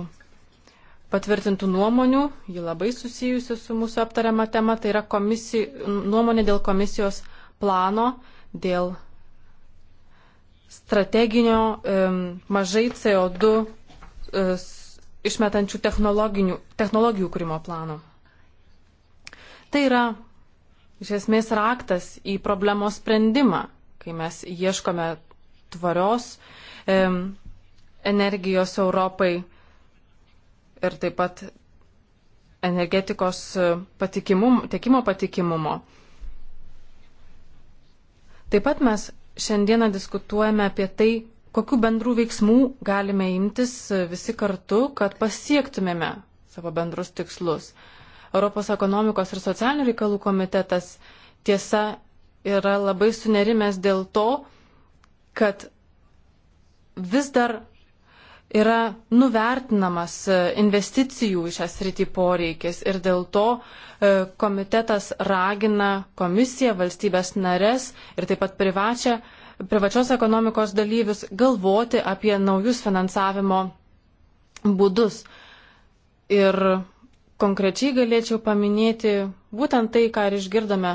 patvirtintų nuomonių, ji labai susijusi su mūsų aptariama tema, tai yra komisi, nuomonė dėl komisijos plano, dėl strateginio e, mažai CO2 e, išmetančių technologijų kūrimo plano. Tai yra iš esmės raktas į problemos sprendimą kai mes ieškome tvarios e, energijos Europai ir taip pat energetikos e, patikimum, tiekimo patikimumo. Taip pat mes šiandieną diskutuojame apie tai, kokiu bendrų veiksmų galime imtis e, visi kartu, kad pasiektumėme savo bendrus tikslus. Europos ekonomikos ir socialinių reikalų komitetas tiesa yra labai sunerimęs dėl to, kad vis dar yra nuvertinamas e, investicijų į šią sritį poreikis ir dėl to e, komitetas ragina komisiją, valstybės nares ir taip pat privačią, privačios ekonomikos dalyvius galvoti apie naujus finansavimo būdus. Ir konkrečiai galėčiau paminėti būtent tai, ką ir išgirdome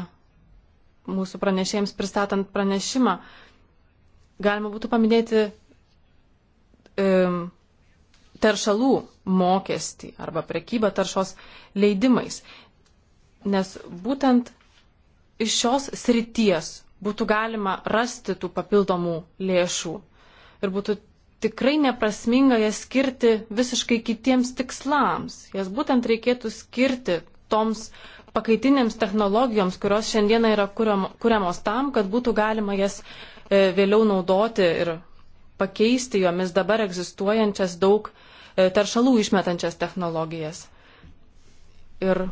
mūsų pranešėjams pristatant pranešimą. Galima būtų paminėti um, teršalų mokestį arba prekybą taršos leidimais, nes būtent iš šios srities būtų galima rasti tų papildomų lėšų ir būtų tikrai neprasminga jas skirti visiškai kitiems tikslams. Jas būtent reikėtų skirti toms uh, pakaitinėms technologijoms, kurios šiandieną yra kuriamos tam, kad būtų galima jas e, vėliau naudoti ir pakeisti jomis dabar egzistuojančias daug e, taršalų išmetančias technologijas. Ir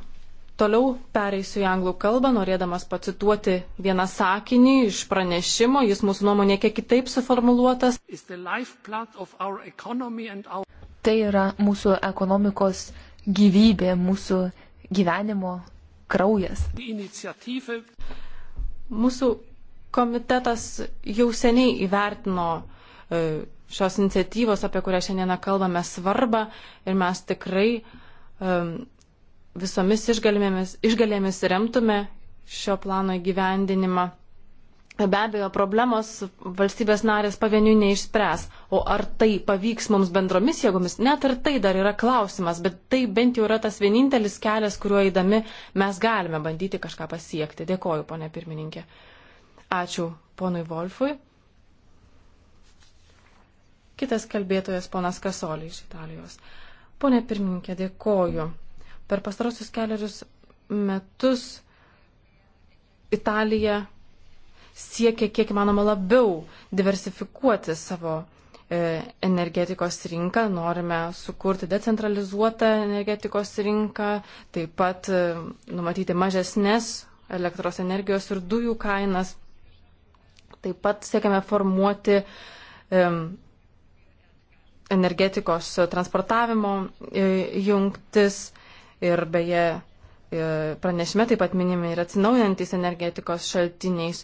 toliau pereisiu į anglų kalbą, norėdamas pacituoti vieną sakinį iš pranešimo, jis mūsų nuomonė kiek kitaip suformuluotas. Tai yra mūsų ekonomikos gyvybė, mūsų gyvenimo kraujas. Iniciatyvai. Mūsų komitetas jau seniai įvertino e, šios iniciatyvos, apie kurią šiandieną kalbame, svarbą ir mes tikrai um, visomis išgalėmis, išgalėmis remtume šio plano įgyvendinimą be abejo problemos valstybės narės pavieniui neišspręs. O ar tai pavyks mums bendromis jėgomis, net ir tai dar yra klausimas, bet tai bent jau yra tas vienintelis kelias, kuriuo įdami mes galime bandyti kažką pasiekti. Dėkoju, ponė pirmininkė. Ačiū ponui Wolfui. Kitas kalbėtojas ponas Kasolį iš Italijos. Pone pirmininkė, dėkoju. Per pastarosius keliarius metus Italija siekia kiek įmanoma labiau diversifikuoti savo e, energetikos rinką, norime sukurti decentralizuotą energetikos rinką, taip pat e, numatyti mažesnės elektros energijos ir dujų kainas. Taip pat siekiame formuoti e, energetikos transportavimo jungtis ir beje pranešime taip pat minimi ir atsinaujantis energetikos šaltiniais,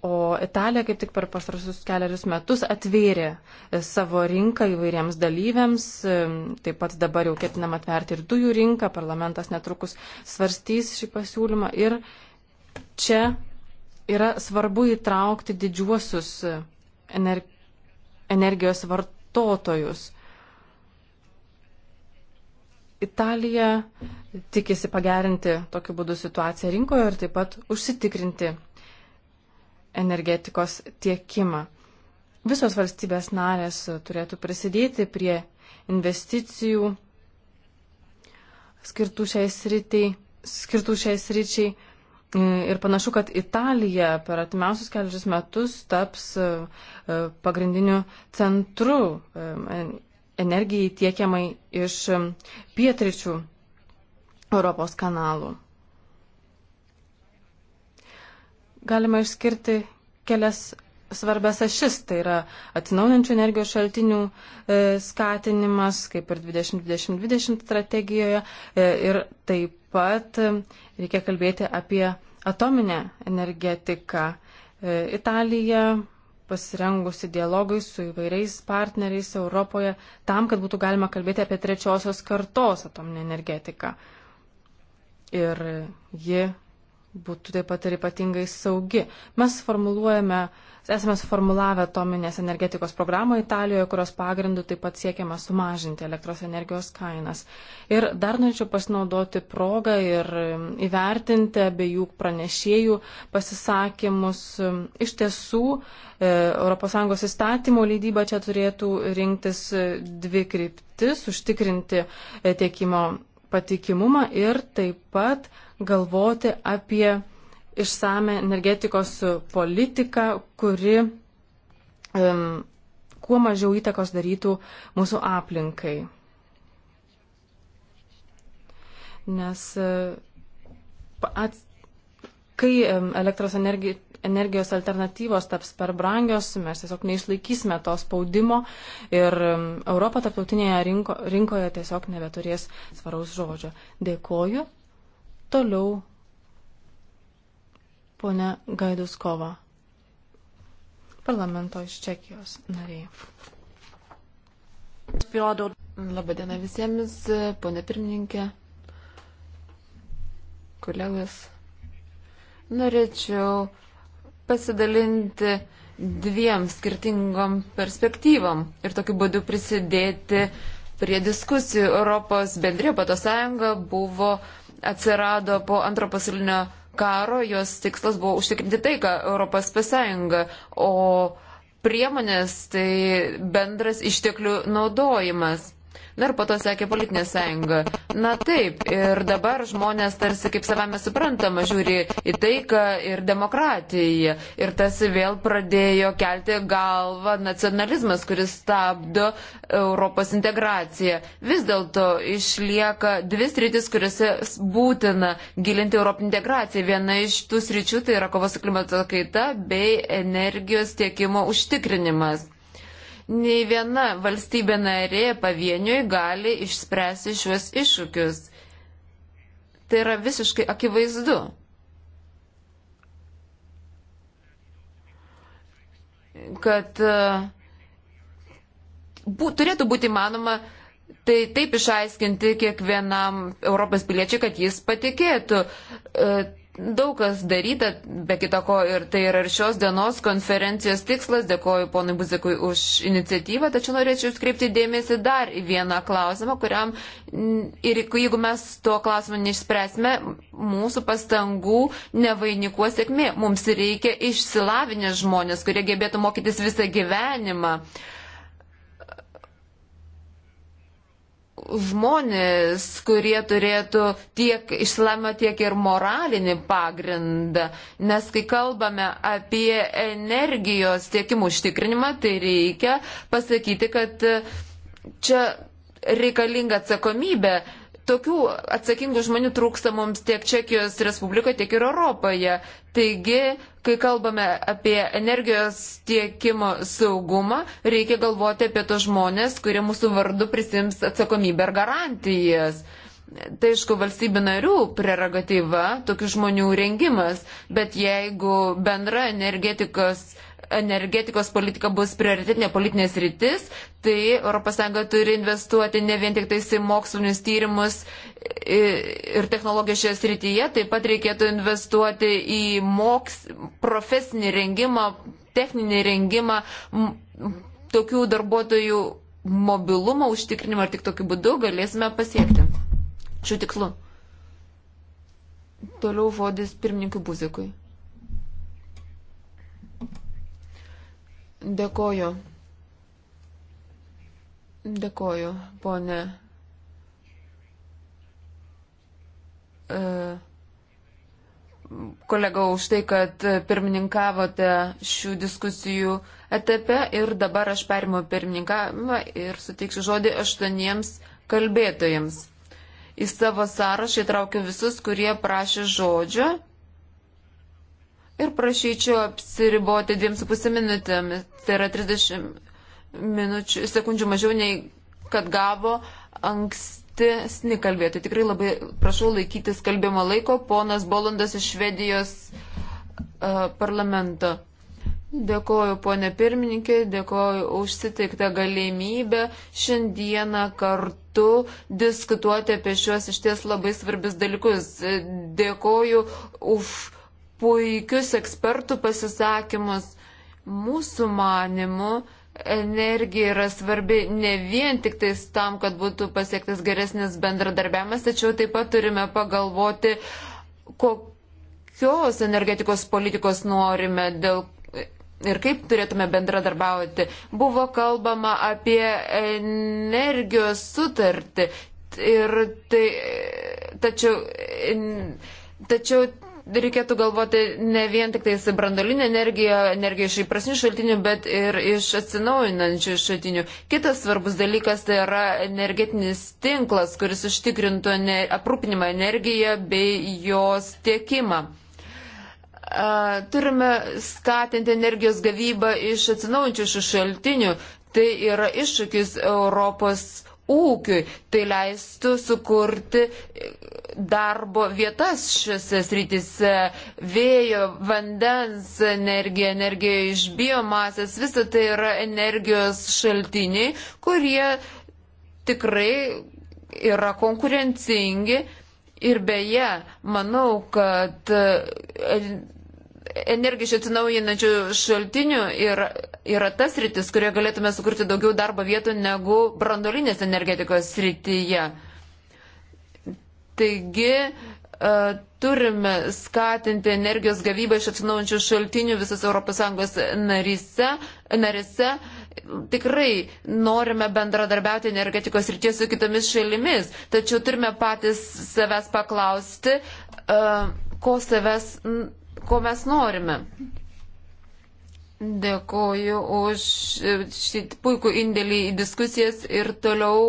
O Italija kaip tik per pastarusius keliarius metus atvėrė savo rinką įvairiems dalyviams. Taip pat dabar jau ketinam atverti ir dujų rinką. Parlamentas netrukus svarstys šį pasiūlymą. Ir čia yra svarbu įtraukti didžiuosius energijos vartotojus. Italija tikisi pagerinti tokiu būdu situaciją rinkoje ir taip pat užsitikrinti energetikos tiekimą. Visos valstybės narės turėtų prisidėti prie investicijų skirtų šiai sričiai, skirtų šiai sričiai. Ir panašu, kad Italija per atimiausius kelius metus taps e, e, pagrindiniu centru e, energijai tiekiamai iš pietričių Europos kanalų. galima išskirti kelias svarbės ašis, tai yra atsinaujančių energijos šaltinių e, skatinimas, kaip ir 2020-2020 strategijoje, e, ir taip pat e, reikia kalbėti apie atominę energetiką. E, Italija pasirengusi dialogui su įvairiais partneriais Europoje tam, kad būtų galima kalbėti apie trečiosios kartos atominę energetiką. Ir ji būtų taip pat ir ypatingai saugi. Mes formuluojame, esame suformulavę atominės energetikos programą Italijoje, kurios pagrindu taip pat siekiama sumažinti elektros energijos kainas. Ir dar norėčiau pasinaudoti progą ir įvertinti abiejų pranešėjų pasisakymus. Iš tiesų, ES įstatymų leidyba čia turėtų rinktis dvi kryptis, užtikrinti e, tiekimo patikimumą ir taip pat galvoti apie išsame energetikos politiką, kuri um, kuo mažiau įtakos darytų mūsų aplinkai. Nes uh, at, kai um, elektros energija energijos alternatyvos taps per brangios, mes tiesiog neišlaikysime to spaudimo ir um, Europa tarptautinėje rinko, rinkoje tiesiog nebeturės svaraus žodžio. Dėkoju. Toliau ponia Gaiduskova, parlamento iš Čekijos nariai. Labadiena visiems, ponė pirmininkė, kolegos. Norėčiau pasidalinti dviem skirtingom perspektyvom ir tokiu būdu prisidėti prie diskusijų. Europos bendrė pato sąjunga buvo, atsirado po antro pasaulinio karo, jos tikslas buvo užtikrinti taiką Europos pasąjungą, o priemonės tai bendras išteklių naudojimas. Na ir po to sekė politinė sąjunga. Na taip, ir dabar žmonės tarsi kaip savame suprantama žiūri į taiką ir demokratiją. Ir tas vėl pradėjo kelti galvą nacionalizmas, kuris stabdo Europos integraciją. Vis dėlto išlieka dvi sritis, kuriuose būtina gilinti Europą integraciją. Viena iš tų sričių tai yra kovos su klimato kaita bei energijos tiekimo užtikrinimas. Nei viena valstybė narė pavieniui gali išspręsti šiuos iššūkius. Tai yra visiškai akivaizdu. Kad e, bū, turėtų būti manoma Tai taip išaiškinti kiekvienam Europos piliečiui, kad jis patikėtų. E, daug kas daryta, be kitako ir tai yra ir šios dienos konferencijos tikslas. Dėkoju ponui Buzikui už iniciatyvą, tačiau norėčiau atkreipti dėmesį dar į vieną klausimą, kuriam ir jeigu mes to klausimą neišspręsime, mūsų pastangų nevainikuos sėkmė. Mums reikia išsilavinę žmonės, kurie gebėtų mokytis visą gyvenimą. Uh, žmonės, kurie turėtų tiek išsilavinimą, tiek ir moralinį pagrindą. Nes kai kalbame apie energijos tiekimų užtikrinimą, tai reikia pasakyti, kad čia reikalinga atsakomybė Tokių atsakingų žmonių trūksta mums tiek Čekijos Respublikoje, tiek ir Europoje. Taigi, kai kalbame apie energijos tiekimo saugumą, reikia galvoti apie tos žmonės, kurie mūsų vardu prisims atsakomybę ir garantijas tai aišku valstybių narių prerogatyva, tokių žmonių rengimas, bet jeigu bendra energetikos energetikos politika bus prioritetinė politinės rytis, tai ES turi investuoti ne vien tik tais į mokslinius tyrimus ir technologiją šioje srityje, taip pat reikėtų investuoti į moks, profesinį rengimą, techninį rengimą, tokių darbuotojų mobilumo užtikrinimą ir tik tokiu būdu galėsime pasiekti šių tikslų. Toliau vodis pirmininkui Buzikui. Dėkoju. Dėkoju, ponė. E, kolega už tai, kad pirmininkavote šių diskusijų etape ir dabar aš perimu pirmininkavimą ir suteiksiu žodį aštuoniems kalbėtojams. Į savo sąrašą įtraukiu visus, kurie prašė žodžio Ir prašyčiau apsiriboti 2,5 minutėmis, tai yra 30 minučių, sekundžių mažiau nei kad gavo ankstesni kalbėtojai. Tai tikrai labai prašau laikytis kalbimo laiko, ponas Bolandas iš Švedijos uh, parlamento. Dėkoju, ponė pirmininkė, dėkoju už sitiktą galimybę šiandieną kartu diskutuoti apie šiuos iš ties labai svarbius dalykus. Dėkoju už puikius ekspertų pasisakymus. Mūsų manimu, energija yra svarbi ne vien tik tais tam, kad būtų pasiektas geresnis bendradarbiavimas, tačiau taip pat turime pagalvoti, kokios energetikos politikos norime, dėl ir kaip turėtume bendradarbiauti. Buvo kalbama apie energijos sutartį. Ir tai, tačiau, tačiau reikėtų galvoti ne vien tik tais brandolinė energija, energija iš įprasnių šaltinių, bet ir iš atsinaujinančių šaltinių. Kitas svarbus dalykas tai yra energetinis tinklas, kuris užtikrintų ne, aprūpinimą energiją bei jos tiekimą. Turime skatinti energijos gavybą iš atsinaujinčių šaltinių. Tai yra iššūkis Europos ūkiui. Tai leistų sukurti darbo vietas šiuose srityse - vėjo, vandens energija, energija iš biomasės. Visa tai yra energijos šaltiniai, kurie tikrai yra konkurencingi. Ir beje, manau, kad energija iš atsinaujinančių šaltinių yra, yra tas rytis, kurioje galėtume sukurti daugiau darbo vietų negu brandolinės energetikos srityje. Taigi e, turime skatinti energijos gavybą iš atsinaujančių šaltinių visas ES narise, narise. Tikrai norime bendradarbiauti energetikos rytie su kitomis šalimis, tačiau turime patys savęs paklausti, e, ko savęs ko mes norime. Dėkoju už šį puikų indėlį į diskusijas ir toliau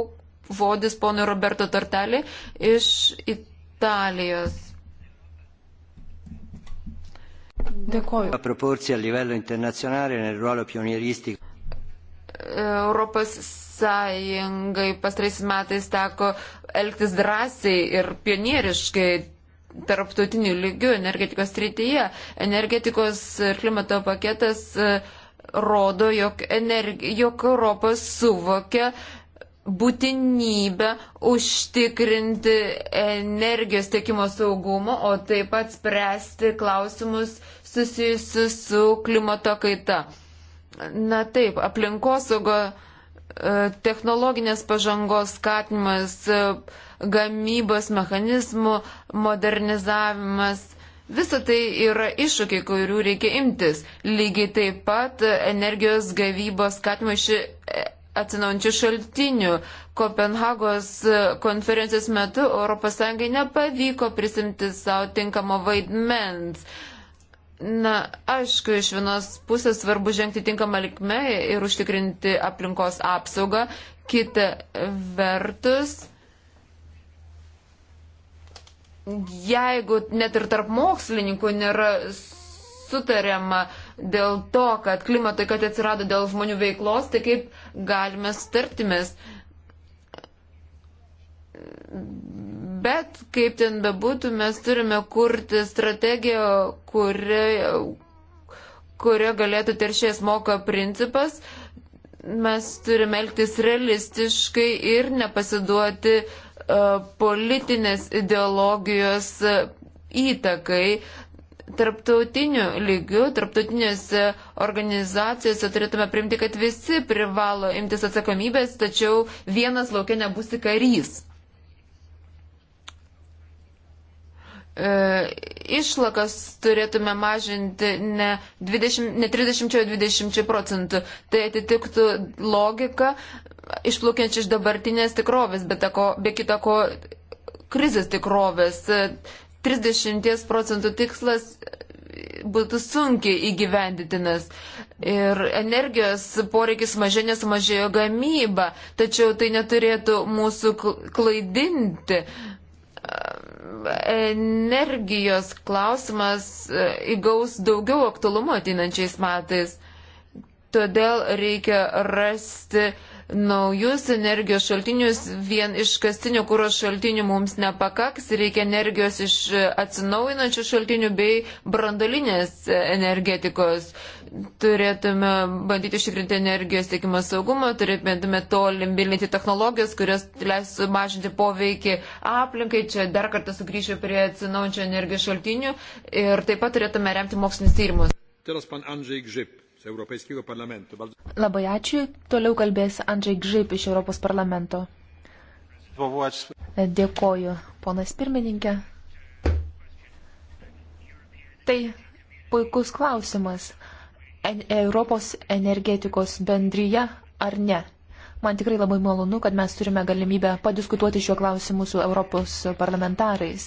vodis ponui Roberto Tortelį iš Italijos. Dėkoju. Proporcija livello internazionale nel ruolo pionieristico. Europos Sąjungai pastraisiais metais teko elgtis drąsiai ir pionieriškai tarptautiniu lygiu energetikos srityje. Energetikos ir klimato paketas e, rodo, jog, energi, jog Europas suvokia būtinybę užtikrinti energijos tiekimo saugumą, o taip pat spręsti klausimus susijusius su klimato kaita. Na taip, aplinkosaugo E, technologinės pažangos skatinimas, e, gamybos mechanizmų modernizavimas. Visa tai yra iššūkiai, kurių reikia imtis. Lygiai taip pat energijos gavybos skatimo iš e, atsinaujančių šaltinių. Kopenhagos konferencijos metu ES nepavyko prisimti savo tinkamo vaidmens. Uh, Na, aišku, iš vienos pusės svarbu žengti tinkamą likmę ir užtikrinti aplinkos apsaugą. Kita vertus, jeigu net ir tarp mokslininkų nėra sutariama dėl to, kad klimatai, kad atsirado dėl žmonių veiklos, tai kaip galime sutartimis Bet, kaip ten bebūtų, mes turime kurti strategiją, kuria, kuria galėtų teršės moka principas. Mes turime elgtis realistiškai ir nepasiduoti uh, politinės ideologijos e, įtakai. Tarptautiniu lygiu, tarptautinėse organizacijose turėtume primti, kad visi privalo imtis atsakomybės, tačiau vienas laukia nebūsi karys. E, išlakas turėtume mažinti ne, 20, ne 30-20 procentų. Tai atitiktų logiką išplaukiančią iš dabartinės tikrovės, bet ko, be kita ko krizės tikrovės. 30 procentų tikslas būtų sunkiai įgyvenditinas. Ir energijos poreikis mažė, nes mažėjo gamyba, tačiau tai neturėtų mūsų klaidinti. Uh, energijos klausimas e, įgaus daugiau aktualumo ateinančiais metais. Todėl reikia rasti naujus energijos šaltinius, vien iš kastinio kūro šaltinių mums nepakaks, reikia energijos iš e, atsinaujinančių šaltinių bei brandolinės e, energetikos turėtume bandyti ištikrinti energijos tiekimo saugumą, turėtume tolimbilinti technologijas, kurios leis sumažinti poveikį aplinkai. Čia dar kartą sugrįšiu prie atsinaujančio energijos šaltinių ir taip pat turėtume remti mokslinis tyrimus. Labai ačiū. Toliau kalbės Andžiai Gžip iš Europos parlamento. Dėkoju, ponas pirmininkė. Tai puikus klausimas en Europos energetikos bendryje ar ne. Man tikrai labai malonu, kad mes turime galimybę padiskutuoti šiuo klausimu su Europos parlamentarais.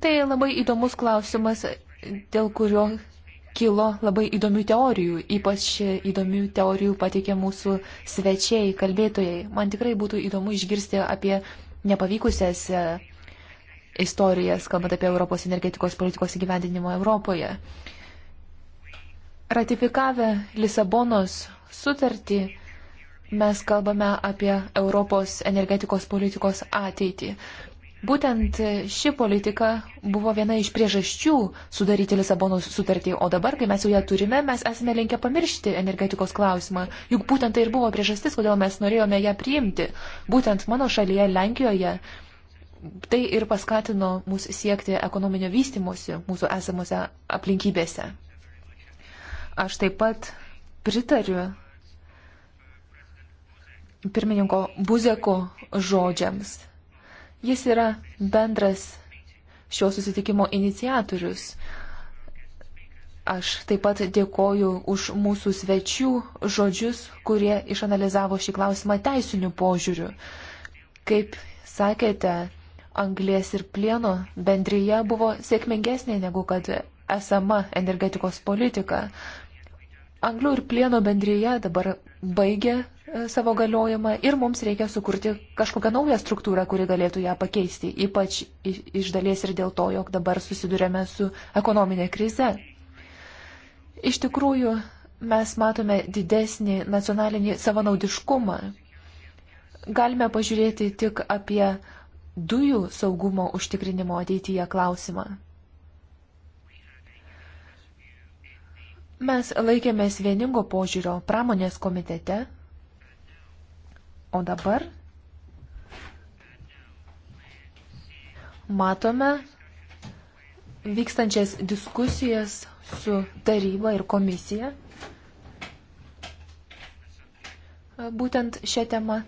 Tai labai įdomus klausimas, dėl kurio kilo labai įdomių teorijų, ypač įdomių teorijų pateikė mūsų svečiai, kalbėtojai. Man tikrai būtų įdomu išgirsti apie nepavykusias e, istorijas, kalbant apie Europos energetikos politikos įgyvendinimo Europoje. Uh, Ratifikavę Lisabonos sutartį, mes kalbame apie Europos energetikos politikos ateitį. Būtent ši politika buvo viena iš priežasčių sudaryti Lisabonos sutartį, o dabar, kai mes jau ją turime, mes esame linkę pamiršti energetikos klausimą. Juk būtent tai ir buvo priežastis, kodėl mes norėjome ją priimti. Būtent mano šalyje, Lenkijoje, tai ir paskatino mus siekti ekonominio vystimosi mūsų esamose aplinkybėse. Aš taip pat pritariu pirmininko Buzeko žodžiams. Jis yra bendras šio susitikimo iniciatorius. Aš taip pat dėkoju už mūsų svečių žodžius, kurie išanalizavo šį klausimą teisiniu požiūriu. Kaip sakėte, anglės ir plieno bendryje buvo sėkmingesnė negu kad esama energetikos politika. Anglių ir plieno bendryje dabar baigė e, savo galiojimą ir mums reikia sukurti kažkokią naują struktūrą, kuri galėtų ją pakeisti, ypač iš dalies ir dėl to, jog dabar susidurėme su ekonominė krize. Iš tikrųjų, mes matome didesnį nacionalinį savanaudiškumą. Galime pažiūrėti tik apie dujų saugumo užtikrinimo ateityje klausimą. Mes laikėmės vieningo požiūrio pramonės komitete, o dabar matome vykstančias diskusijas su taryba ir komisija būtent šią temą.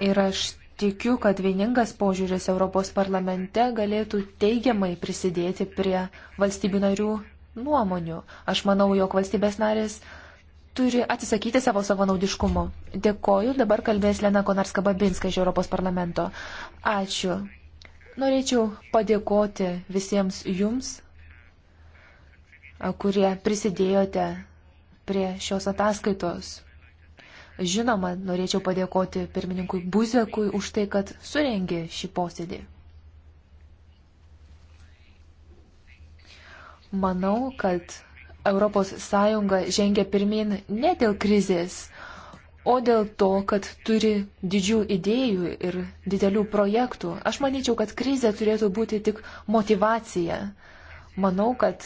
Ir aš Tikiu, kad vieningas požiūris Europos parlamente galėtų teigiamai prisidėti prie valstybių narių nuomonių. Aš manau, jog valstybės narės turi atsisakyti savo savanaudiškumo. Dėkoju, dabar kalbės Lena Konarska Babinska iš Europos parlamento. Ačiū. Norėčiau padėkoti visiems jums, kurie prisidėjote prie šios ataskaitos. Žinoma, norėčiau padėkoti pirmininkui Buzekui už tai, kad surengė šį posėdį. Manau, kad ES žengia pirmin ne dėl krizės, o dėl to, kad turi didžių idėjų ir didelių projektų. Aš manyčiau, kad krizė turėtų būti tik motivacija. Manau, kad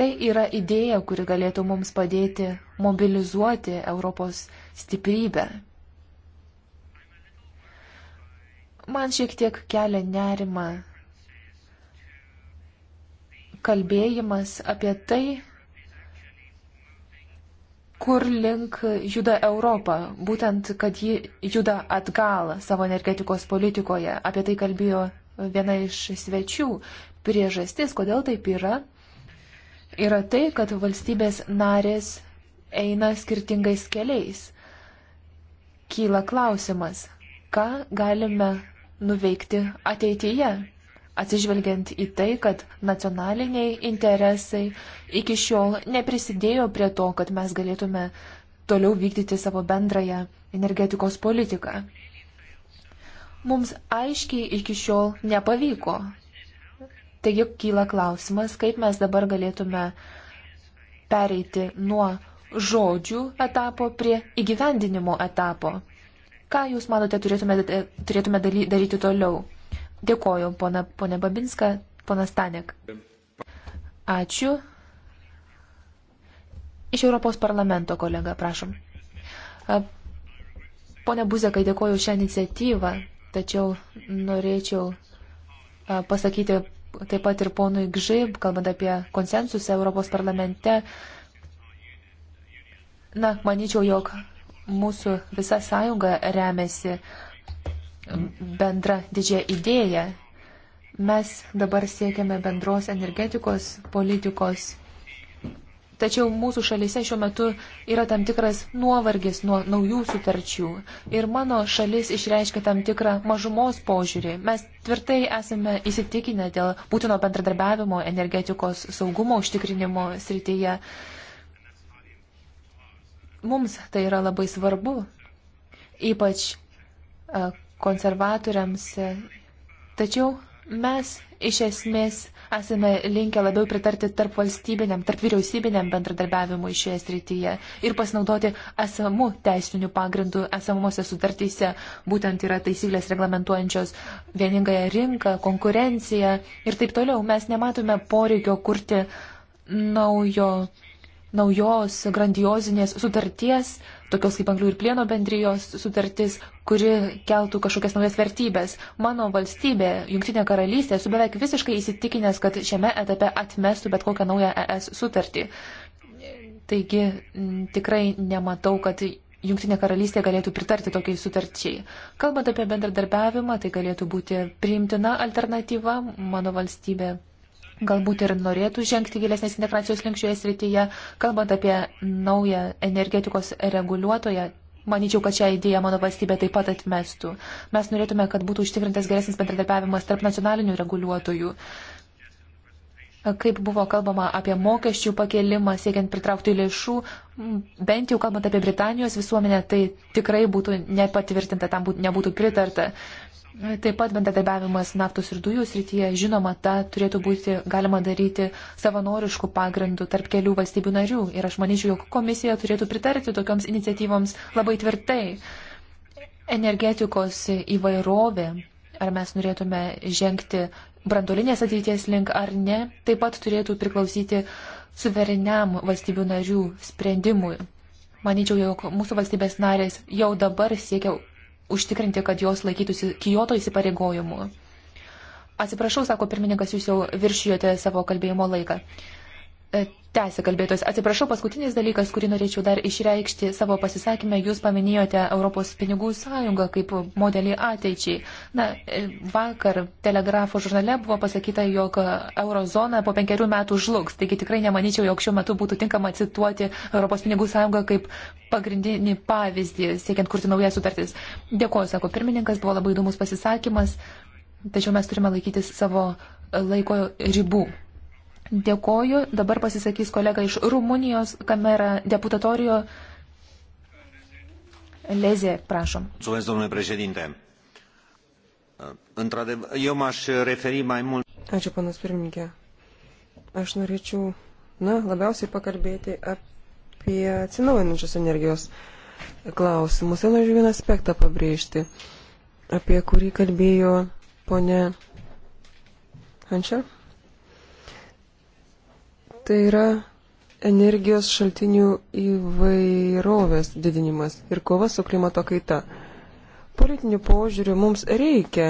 Tai yra idėja, kuri galėtų mums padėti mobilizuoti Europos stiprybę. Man šiek tiek kelia nerima kalbėjimas apie tai, kur link juda Europa, būtent, kad ji juda atgal savo energetikos politikoje. Apie tai kalbėjo viena iš svečių. Priežastis, kodėl taip yra, yra tai, kad valstybės narės eina skirtingais keliais. Kyla klausimas, ką galime nuveikti ateityje, atsižvelgiant į tai, kad nacionaliniai interesai iki šiol neprisidėjo prie to, kad mes galėtume toliau vykdyti savo bendrąją energetikos politiką. Mums aiškiai iki šiol nepavyko Taigi kyla klausimas, kaip mes dabar galėtume pereiti nuo žodžių etapo prie įgyvendinimo etapo. Ką Jūs manote turėtume, e, turėtume daryti toliau? Dėkoju, pone, pone Babinska, pona Stanek. Ačiū. Iš Europos parlamento kolega, prašom. Pone Buzekai, dėkoju šią iniciatyvą, tačiau norėčiau pasakyti taip pat ir ponui Gžib, kalbant apie konsensusą Europos parlamente. Na, manyčiau, jog mūsų visa sąjunga remiasi bendra didžia idėja. Mes dabar siekiame bendros energetikos politikos Tačiau mūsų šalyse šiuo metu yra tam tikras nuovargis nuo naujų sutarčių. Ir mano šalis išreiškia tam tikrą mažumos požiūrį. Mes tvirtai esame įsitikinę dėl būtino bendradarbiavimo energetikos saugumo užtikrinimo srityje. Mums tai yra labai svarbu, ypač e, konservatoriams. Tačiau mes iš esmės esame linkę labiau pritarti tarp valstybiniam, tarp vyriausybiniam bendradarbiavimui šioje srityje ir pasinaudoti esamų teisinių pagrindų esamose sutartyse. Būtent yra taisyklės reglamentuojančios vieningąją rinką, konkurenciją ir taip toliau. Mes nematome poreikio kurti naujo, naujos grandiozinės sutarties tokios kaip anglių ir plieno bendrijos sutartis, kuri keltų kažkokias naujas vertybės. Mano valstybė, Junktinė karalystė, esu beveik visiškai įsitikinęs, kad šiame etape atmestų bet kokią naują ES sutartį. Taigi tikrai nematau, kad Junktinė karalystė galėtų pritarti tokiai sutarčiai. Kalbant apie bendradarbiavimą, tai galėtų būti priimtina alternatyva. Mano valstybė galbūt ir norėtų žengti gilesnės integracijos link šioje srityje. Kalbant apie naują energetikos reguliuotoją, manyčiau, kad šią idėją mano valstybė taip pat atmestų. Mes norėtume, kad būtų užtikrintas geresnis bendradarbiavimas tarp nacionalinių reguliuotojų. Kaip buvo kalbama apie mokesčių pakelimą, siekiant pritraukti lėšų, bent jau kalbant apie Britanijos visuomenę, tai tikrai būtų nepatvirtinta, tam būtų, nebūtų pritarta. Taip pat bendradarbiavimas naftos ir dujų srityje, žinoma, tą turėtų būti galima daryti savanoriškų pagrindų tarp kelių valstybių narių. Ir aš manyčiau, jog komisija turėtų pritarti tokioms iniciatyvoms labai tvirtai. Energetikos įvairovė, ar mes norėtume žengti brandolinės ateities link ar ne, taip pat turėtų priklausyti suvereniam valstybių narių sprendimui. Manyčiau, jog mūsų valstybės narės jau dabar siekia užtikrinti, kad jos laikytųsi Kijoto įsipareigojimų. Atsiprašau, sako pirmininkas, jūs jau viršijote savo kalbėjimo laiką. Tęsė kalbėtojas. Atsiprašau, paskutinis dalykas, kurį norėčiau dar išreikšti savo pasisakymę, jūs paminėjote Europos pinigų sąjungą kaip modelį ateičiai. Na, e, vakar telegrafo žurnale buvo pasakyta, jog eurozona po penkerių metų žlugs, taigi tikrai nemanyčiau, jog šiuo metu būtų tinkama cituoti Europos pinigų sąjungą kaip pagrindinį pavyzdį, siekiant kurti naujas sutartis. Dėkuoju, sako pirmininkas, buvo labai įdomus pasisakymas, tačiau mes turime laikytis savo laiko ribų. Dėkoju. Dabar pasisakys kolega iš Rumunijos, kamera deputatorijo. Leze, prašom. Mulțumesc, domnule președinte. Într-adevăr, eu m-aș referi mai mult. Ačiū, panas pirmininkė. Aš norėčiau, na, labiausiai pakalbėti apie atsinaujinančios energijos klausimus. Ir noriu vieną aspektą pabrėžti, apie kurį kalbėjo ponė Hančer. Tai yra energijos šaltinių įvairovės didinimas ir kova su klimato kaita. Politiniu požiūriu mums reikia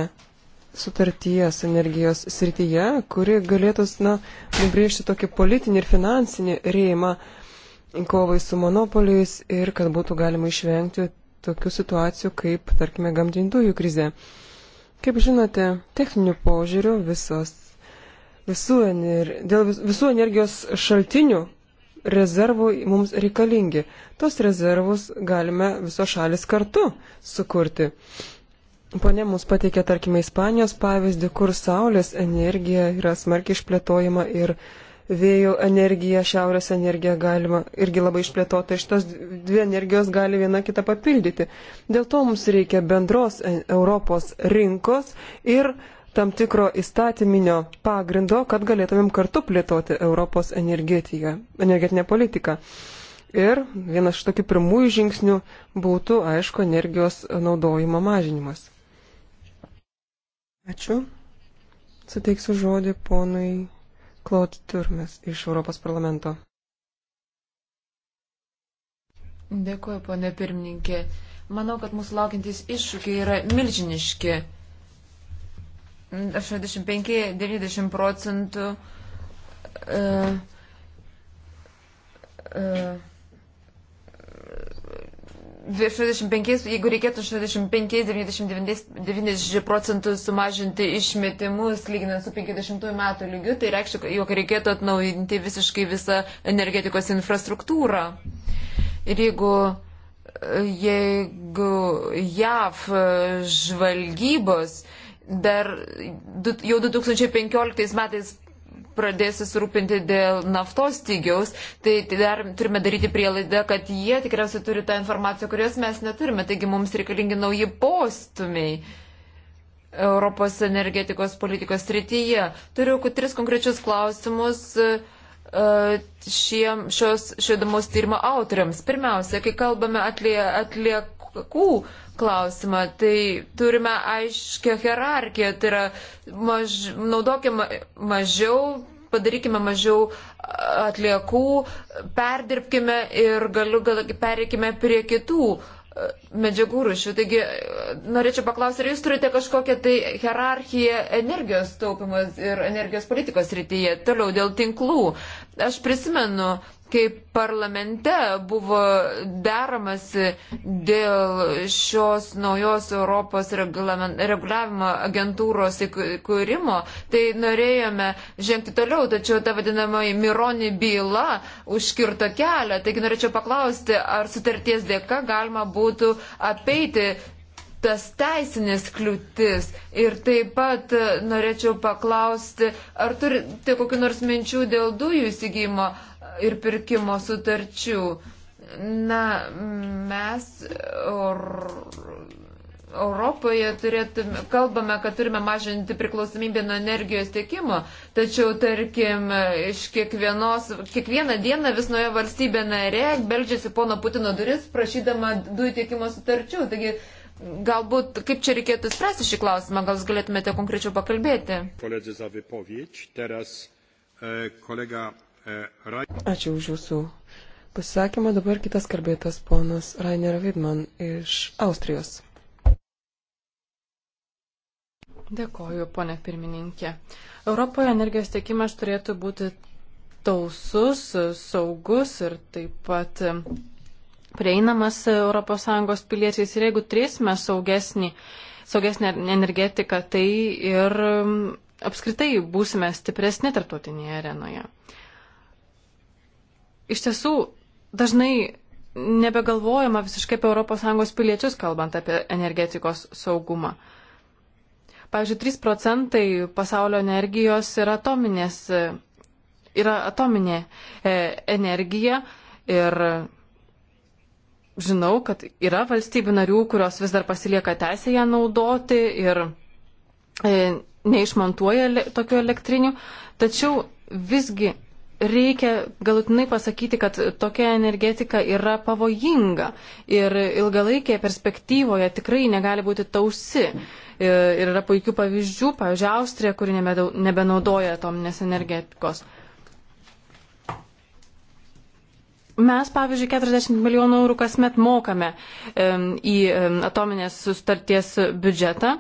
sutarties energijos srityje, kuri galėtų na, nubrėžti tokį politinį ir finansinį rėmą kovai su monopoliais ir kad būtų galima išvengti tokių situacijų kaip, tarkime, gamtinių dujų krize. Kaip žinote, techniniu požiūriu visos visų, ener... dėl visų energijos šaltinių rezervų mums reikalingi. Tos rezervus galime visos šalis kartu sukurti. Pone mums pateikė, tarkime, Ispanijos pavyzdį, kur saulės energija yra smarkiai išplėtojama ir vėjo energija, šiaurės energija galima irgi labai išplėtota. Šitos dvi energijos gali viena kitą papildyti. Dėl to mums reikia bendros e, Europos rinkos ir tam tikro įstatyminio pagrindo, kad galėtumėm kartu plėtoti Europos energetinę politiką. Ir vienas iš tokių pirmųjų žingsnių būtų, aišku, energijos naudojimo mažinimas. Ačiū. Suteiksiu žodį ponui Klot Turmes iš Europos parlamento. Dėkuoju, ponė pirmininkė. Manau, kad mūsų laukiantis iššūkiai yra milžiniški. 85-90 procentų uh, uh, 65, jeigu reikėtų 65-90 procentų sumažinti išmetimus lyginant su 50 metų lygiu, tai reikštų, jog reikėtų atnaujinti visiškai visą energetikos infrastruktūrą. Ir jeigu, e, jeigu JAV žvalgybos uh, dar jau 2015 metais pradės susirūpinti dėl naftos stygiaus, tai, tai dar turime daryti prielaidą, kad jie tikriausiai turi tą informaciją, kurios mes neturime, taigi mums reikalingi nauji postumiai. Europos energetikos politikos srityje. Turiu tris konkrečius klausimus. Uh, E, šiem, šios šėdamos tyrimo autoriams. Pirmiausia, kai kalbame atlie, atliekų klausimą, tai turime aiškę hierarchiją, tai yra maž, naudokime mažiau, padarykime mažiau atliekų, perdirbkime ir galiu gal pereikime prie kitų e, medžiagų rušių. Taigi e, norėčiau paklausti, ar jūs turite kažkokią tai hierarchiją energijos taupimas ir energijos politikos rytyje, toliau dėl tinklų. Uh, Aš prisimenu, kaip parlamente buvo deramasi dėl šios naujos Europos reguliavimo agentūros įkūrimo, tai norėjome žengti toliau, tačiau ta vadinamoji Mironi byla užkirto kelią. Taigi norėčiau paklausti, ar sutarties dėka galima būtų apeiti tas teisinės kliūtis. Ir taip pat e, norėčiau paklausti, ar turite kokiu nors minčių dėl dujų įsigymo ir pirkimo sutarčių. Na, mes or, Europoje turėtume, kalbame, kad turime mažinti priklausomybę nuo energijos tiekimo, tačiau, tarkim, iš kiekvienos, kiekvieną dieną vis nauja valstybė narė beldžiasi pono Putino duris prašydama dujų tiekimo sutarčių. Taigi, uh, Galbūt kaip čia reikėtų spręsti šį klausimą, gal jūs galėtumėte konkrečiau pakalbėti. E, e, Ačiū už jūsų pasisakymą. Dabar kitas kalbėtas ponas Rainer Widman iš Austrijos. Dėkoju, ponė pirmininkė. Europoje energijos tiekimas turėtų būti tausus, saugus ir taip pat prieinamas ES piliečiais ir jeigu turėsime saugesnį, saugesnę energetiką, tai ir um, apskritai būsime stipresni tarptautinėje arenoje. Iš tiesų, dažnai nebegalvojama visiškai apie ES piliečius, kalbant apie energetikos saugumą. Pavyzdžiui, 3 procentai pasaulio energijos yra, atominės, yra atominė e, energija ir žinau, kad yra valstybių narių, kurios vis dar pasilieka teisę ją naudoti ir e, neišmontuoja tokių elektrinių, tačiau visgi reikia galutinai pasakyti, kad tokia energetika yra pavojinga ir ilgalaikėje perspektyvoje tikrai negali būti tausi. E, ir yra puikių pavyzdžių, pavyzdžiui, Austrija, kuri nebenaudoja atominės energetikos. Uh, Mes, pavyzdžiui, 40 milijonų eurų kasmet mokame į atominės sutarties biudžetą,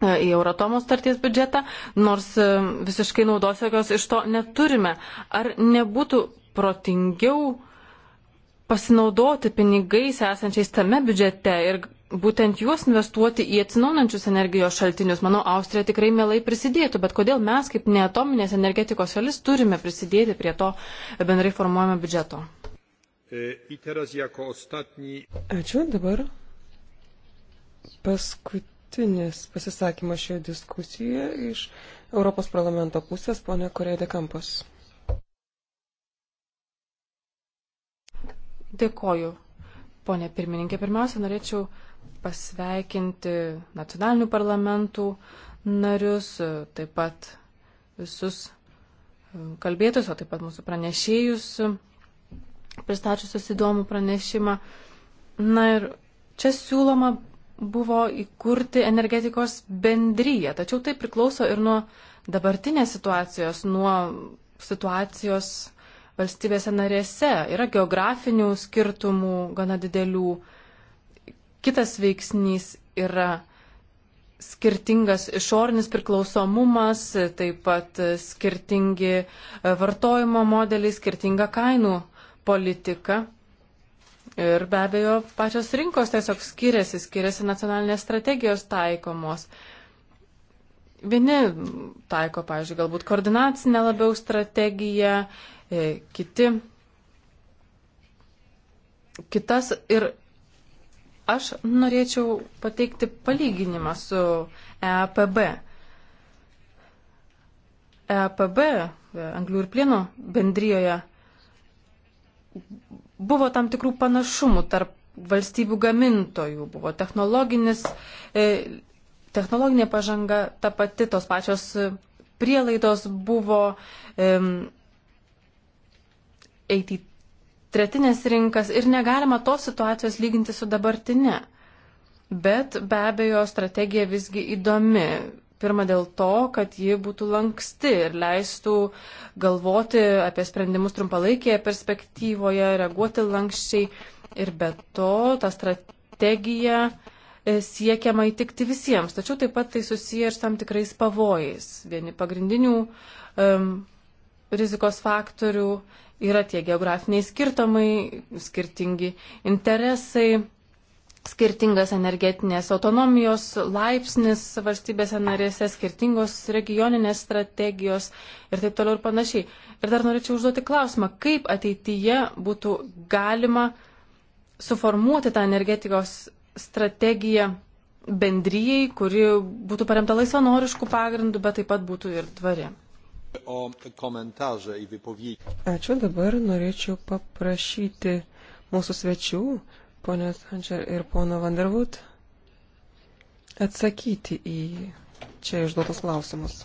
e, į Euratomos sutarties biudžetą, nors visiškai naudos jokios iš to neturime. Ar nebūtų protingiau pasinaudoti pinigais esančiais tame biudžete ir būtent juos investuoti į atsinaujančius energijos šaltinius. Manau, Austrija tikrai mielai prisidėtų, bet kodėl mes, kaip neatominės energetikos šalis, turime prisidėti prie to bendrai formuojamo biudžeto? E, Ačiū dabar. Paskutinis pasisakymas šioje diskusijoje iš Europos parlamento pusės, ponė Korėdė Kampos. Dėkoju, ponė pirmininkė. Pirmiausia, norėčiau pasveikinti nacionalinių parlamentų narius, taip pat visus e, kalbėtus, o taip pat mūsų pranešėjus, e, pristačiusius įdomų pranešimą. Na ir čia siūloma buvo įkurti energetikos bendryje, tačiau tai priklauso ir nuo dabartinės situacijos, nuo situacijos valstybėse narėse. Yra geografinių skirtumų gana didelių Kitas veiksnys yra skirtingas išorinis priklausomumas, taip pat skirtingi e, vartojimo modeliai, skirtinga kainų politika. Ir be abejo, pačios rinkos tiesiog skiriasi, skiriasi nacionalinės strategijos taikomos. Vieni taiko, pavyzdžiui, galbūt koordinacinę labiau strategiją, e, kiti kitas ir Aš norėčiau pateikti palyginimą su EPB. EPB, anglių ir plienų bendryjoje, buvo tam tikrų panašumų tarp valstybių gamintojų, buvo technologinis, e, technologinė pažanga ta pati, tos pačios prielaidos buvo eiti į tretinės rinkas ir negalima tos situacijos lyginti su dabartine. Bet be abejo, strategija visgi įdomi. Pirma dėl to, kad ji būtų lanksti ir leistų galvoti apie sprendimus trumpalaikėje perspektyvoje, reaguoti lankščiai. Ir be to, ta strategija e, siekiama įtikti visiems. Tačiau taip pat tai susiję ir tam tikrais pavojais. Vieni pagrindinių um, rizikos faktorių yra tie geografiniai skirtumai, skirtingi interesai, skirtingas energetinės autonomijos laipsnis valstybėse narėse, skirtingos regioninės strategijos ir taip toliau ir panašiai. Ir dar norėčiau užduoti klausimą, kaip ateityje būtų galima suformuoti tą energetikos strategiją bendryjai, kuri būtų paremta laisvanoriškų pagrindų, bet taip pat būtų ir tvari. O komentarze į vypovį. Ačiū dabar, norėčiau paprašyti mūsų svečių, ponios Ančer ir pono Vandervut, atsakyti į čia išduotus klausimus.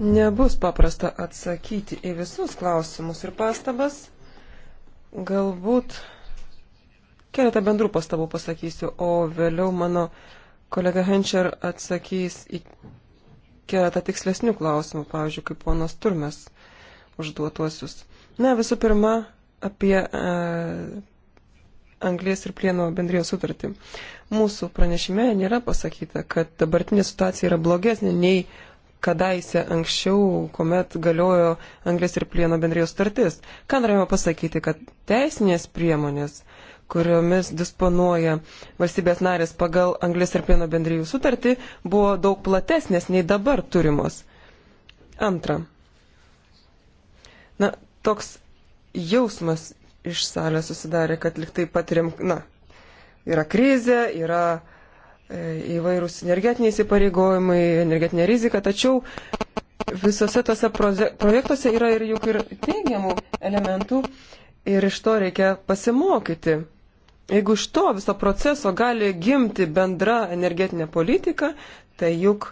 Nebus paprasta atsakyti į visus klausimus ir pastabas. Galbūt keletą bendrų pastabų pasakysiu, o vėliau mano Kolega Henčer atsakys į keletą tikslesnių klausimų, pavyzdžiui, kaip ponas Turmes užduotuosius. Na, visų pirma, apie e, anglės ir plieno bendrijos sutartį. Mūsų pranešime nėra pasakyta, kad dabartinė situacija yra blogesnė nei kadaise anksčiau, kuomet galiojo anglės ir plieno bendrijos sutartis. Ką norėjome pasakyti, kad teisinės priemonės e, kuriomis disponuoja valstybės narės pagal Anglis ir Pieno bendrijų sutartį, buvo daug platesnės nei dabar turimos. Antra. Na, toks jausmas iš salės susidarė, kad liktai patiriam, na, yra krizė, yra e, įvairūs energetiniai įsipareigojimai, energetinė rizika, tačiau visose tose projektuose yra ir juk ir teigiamų elementų ir iš to reikia pasimokyti. Jeigu iš to viso proceso gali gimti bendra energetinė politika, tai juk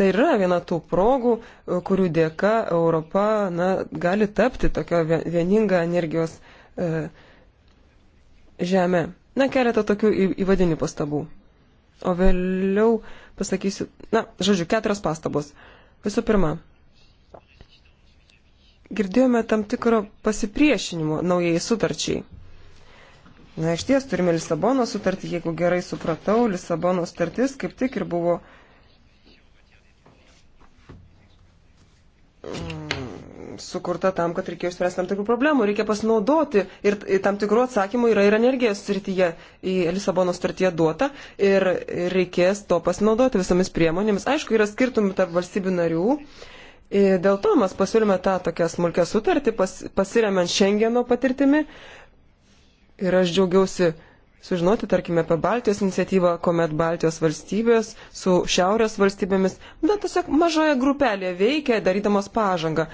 tai yra viena tų progų, kurių dėka Europa na, gali tapti tokia vieninga energijos e, žemė. Na, keletą tokių įvadinių pastabų. O vėliau pasakysiu, na, žodžiu, keturios pastabos. Visų pirma, girdėjome tam tikro pasipriešinimo naujai sutarčiai. Na, iš ties turime Lisabono sutartį, jeigu gerai supratau, Lisabono sutartis kaip tik ir buvo mm, sukurta tam, kad reikėjo išspręsti tam tikrų problemų, reikia pasinaudoti ir tam tikrų atsakymų yra ir energijos srityje į Lisabono sutartyje duota ir reikės to pasinaudoti visomis priemonėmis. Aišku, yra skirtumų tarp valstybių narių. E, dėl to mes pasiūlėme tą tokią smulkę sutartį, pas, pasiremiant Šengeno patirtimi, Ir aš džiaugiausi sužinoti, tarkime, apie Baltijos iniciatyvą, kuomet Baltijos valstybės su šiaurės valstybėmis, na, tiesiog mažoje grupelėje veikia, darydamos pažangą.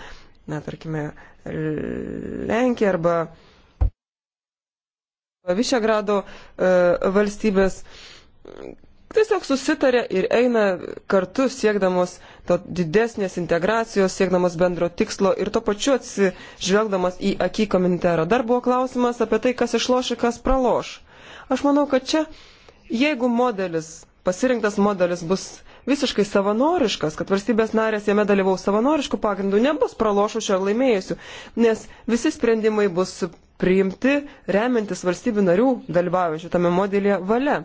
Na, tarkime, Lenkija arba Višegrado e, valstybės, tiesiog susitarė ir eina kartu siekdamos to didesnės integracijos, siekdamos bendro tikslo ir to pačiu atsižvelgdamas į akį kominterą. Dar buvo klausimas apie tai, kas išloš ir kas praloš. Aš manau, kad čia, jeigu modelis, pasirinktas modelis bus visiškai savanoriškas, kad valstybės narės jame dalyvaus savanoriškų pagrindų, nebus pralošusių ar laimėjusių, nes visi sprendimai bus priimti remiantis valstybių narių dalyvaujančių tame modelyje valia.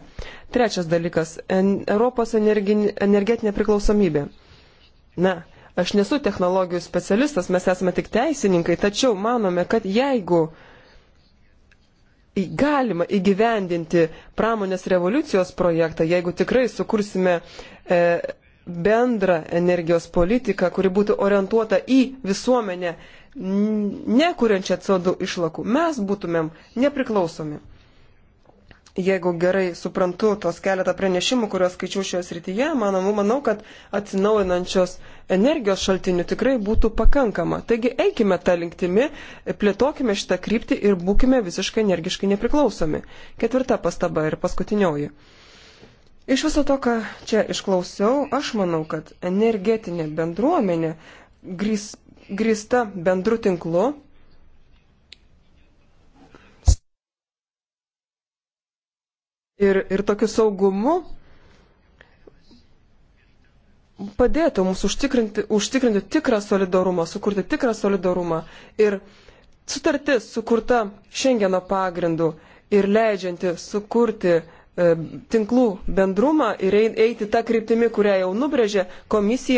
Trečias dalykas en, - Europos energi, energetinė priklausomybė. Na, aš nesu technologijų specialistas, mes esame tik teisininkai, tačiau manome, kad jeigu galima įgyvendinti pramonės revoliucijos projektą, jeigu tikrai sukursime e, bendrą energijos politiką, kuri būtų orientuota į visuomenę, nekuriančią CO2 išlakų, mes būtumėm nepriklausomi. Jeigu gerai suprantu tos keletą pranešimų, kuriuos skaičiau šioje srityje, manau, manau, kad atsinaujinančios energijos šaltinių tikrai būtų pakankama. Taigi eikime tą linktimi, plėtokime šitą kryptį ir būkime visiškai energiškai nepriklausomi. Ketvirta pastaba ir paskutinioji. Iš viso to, ką čia išklausiau, aš manau, kad energetinė bendruomenė grįs grįsta bendru tinklu. Ir, ir tokiu saugumu padėtų mums užtikrinti, užtikrinti tikrą solidarumą, sukurti tikrą solidarumą. Ir sutartis sukurta Šengeno pagrindu ir leidžianti sukurti e, tinklų bendrumą ir eiti tą kryptimį, kurią jau nubrėžė komisija.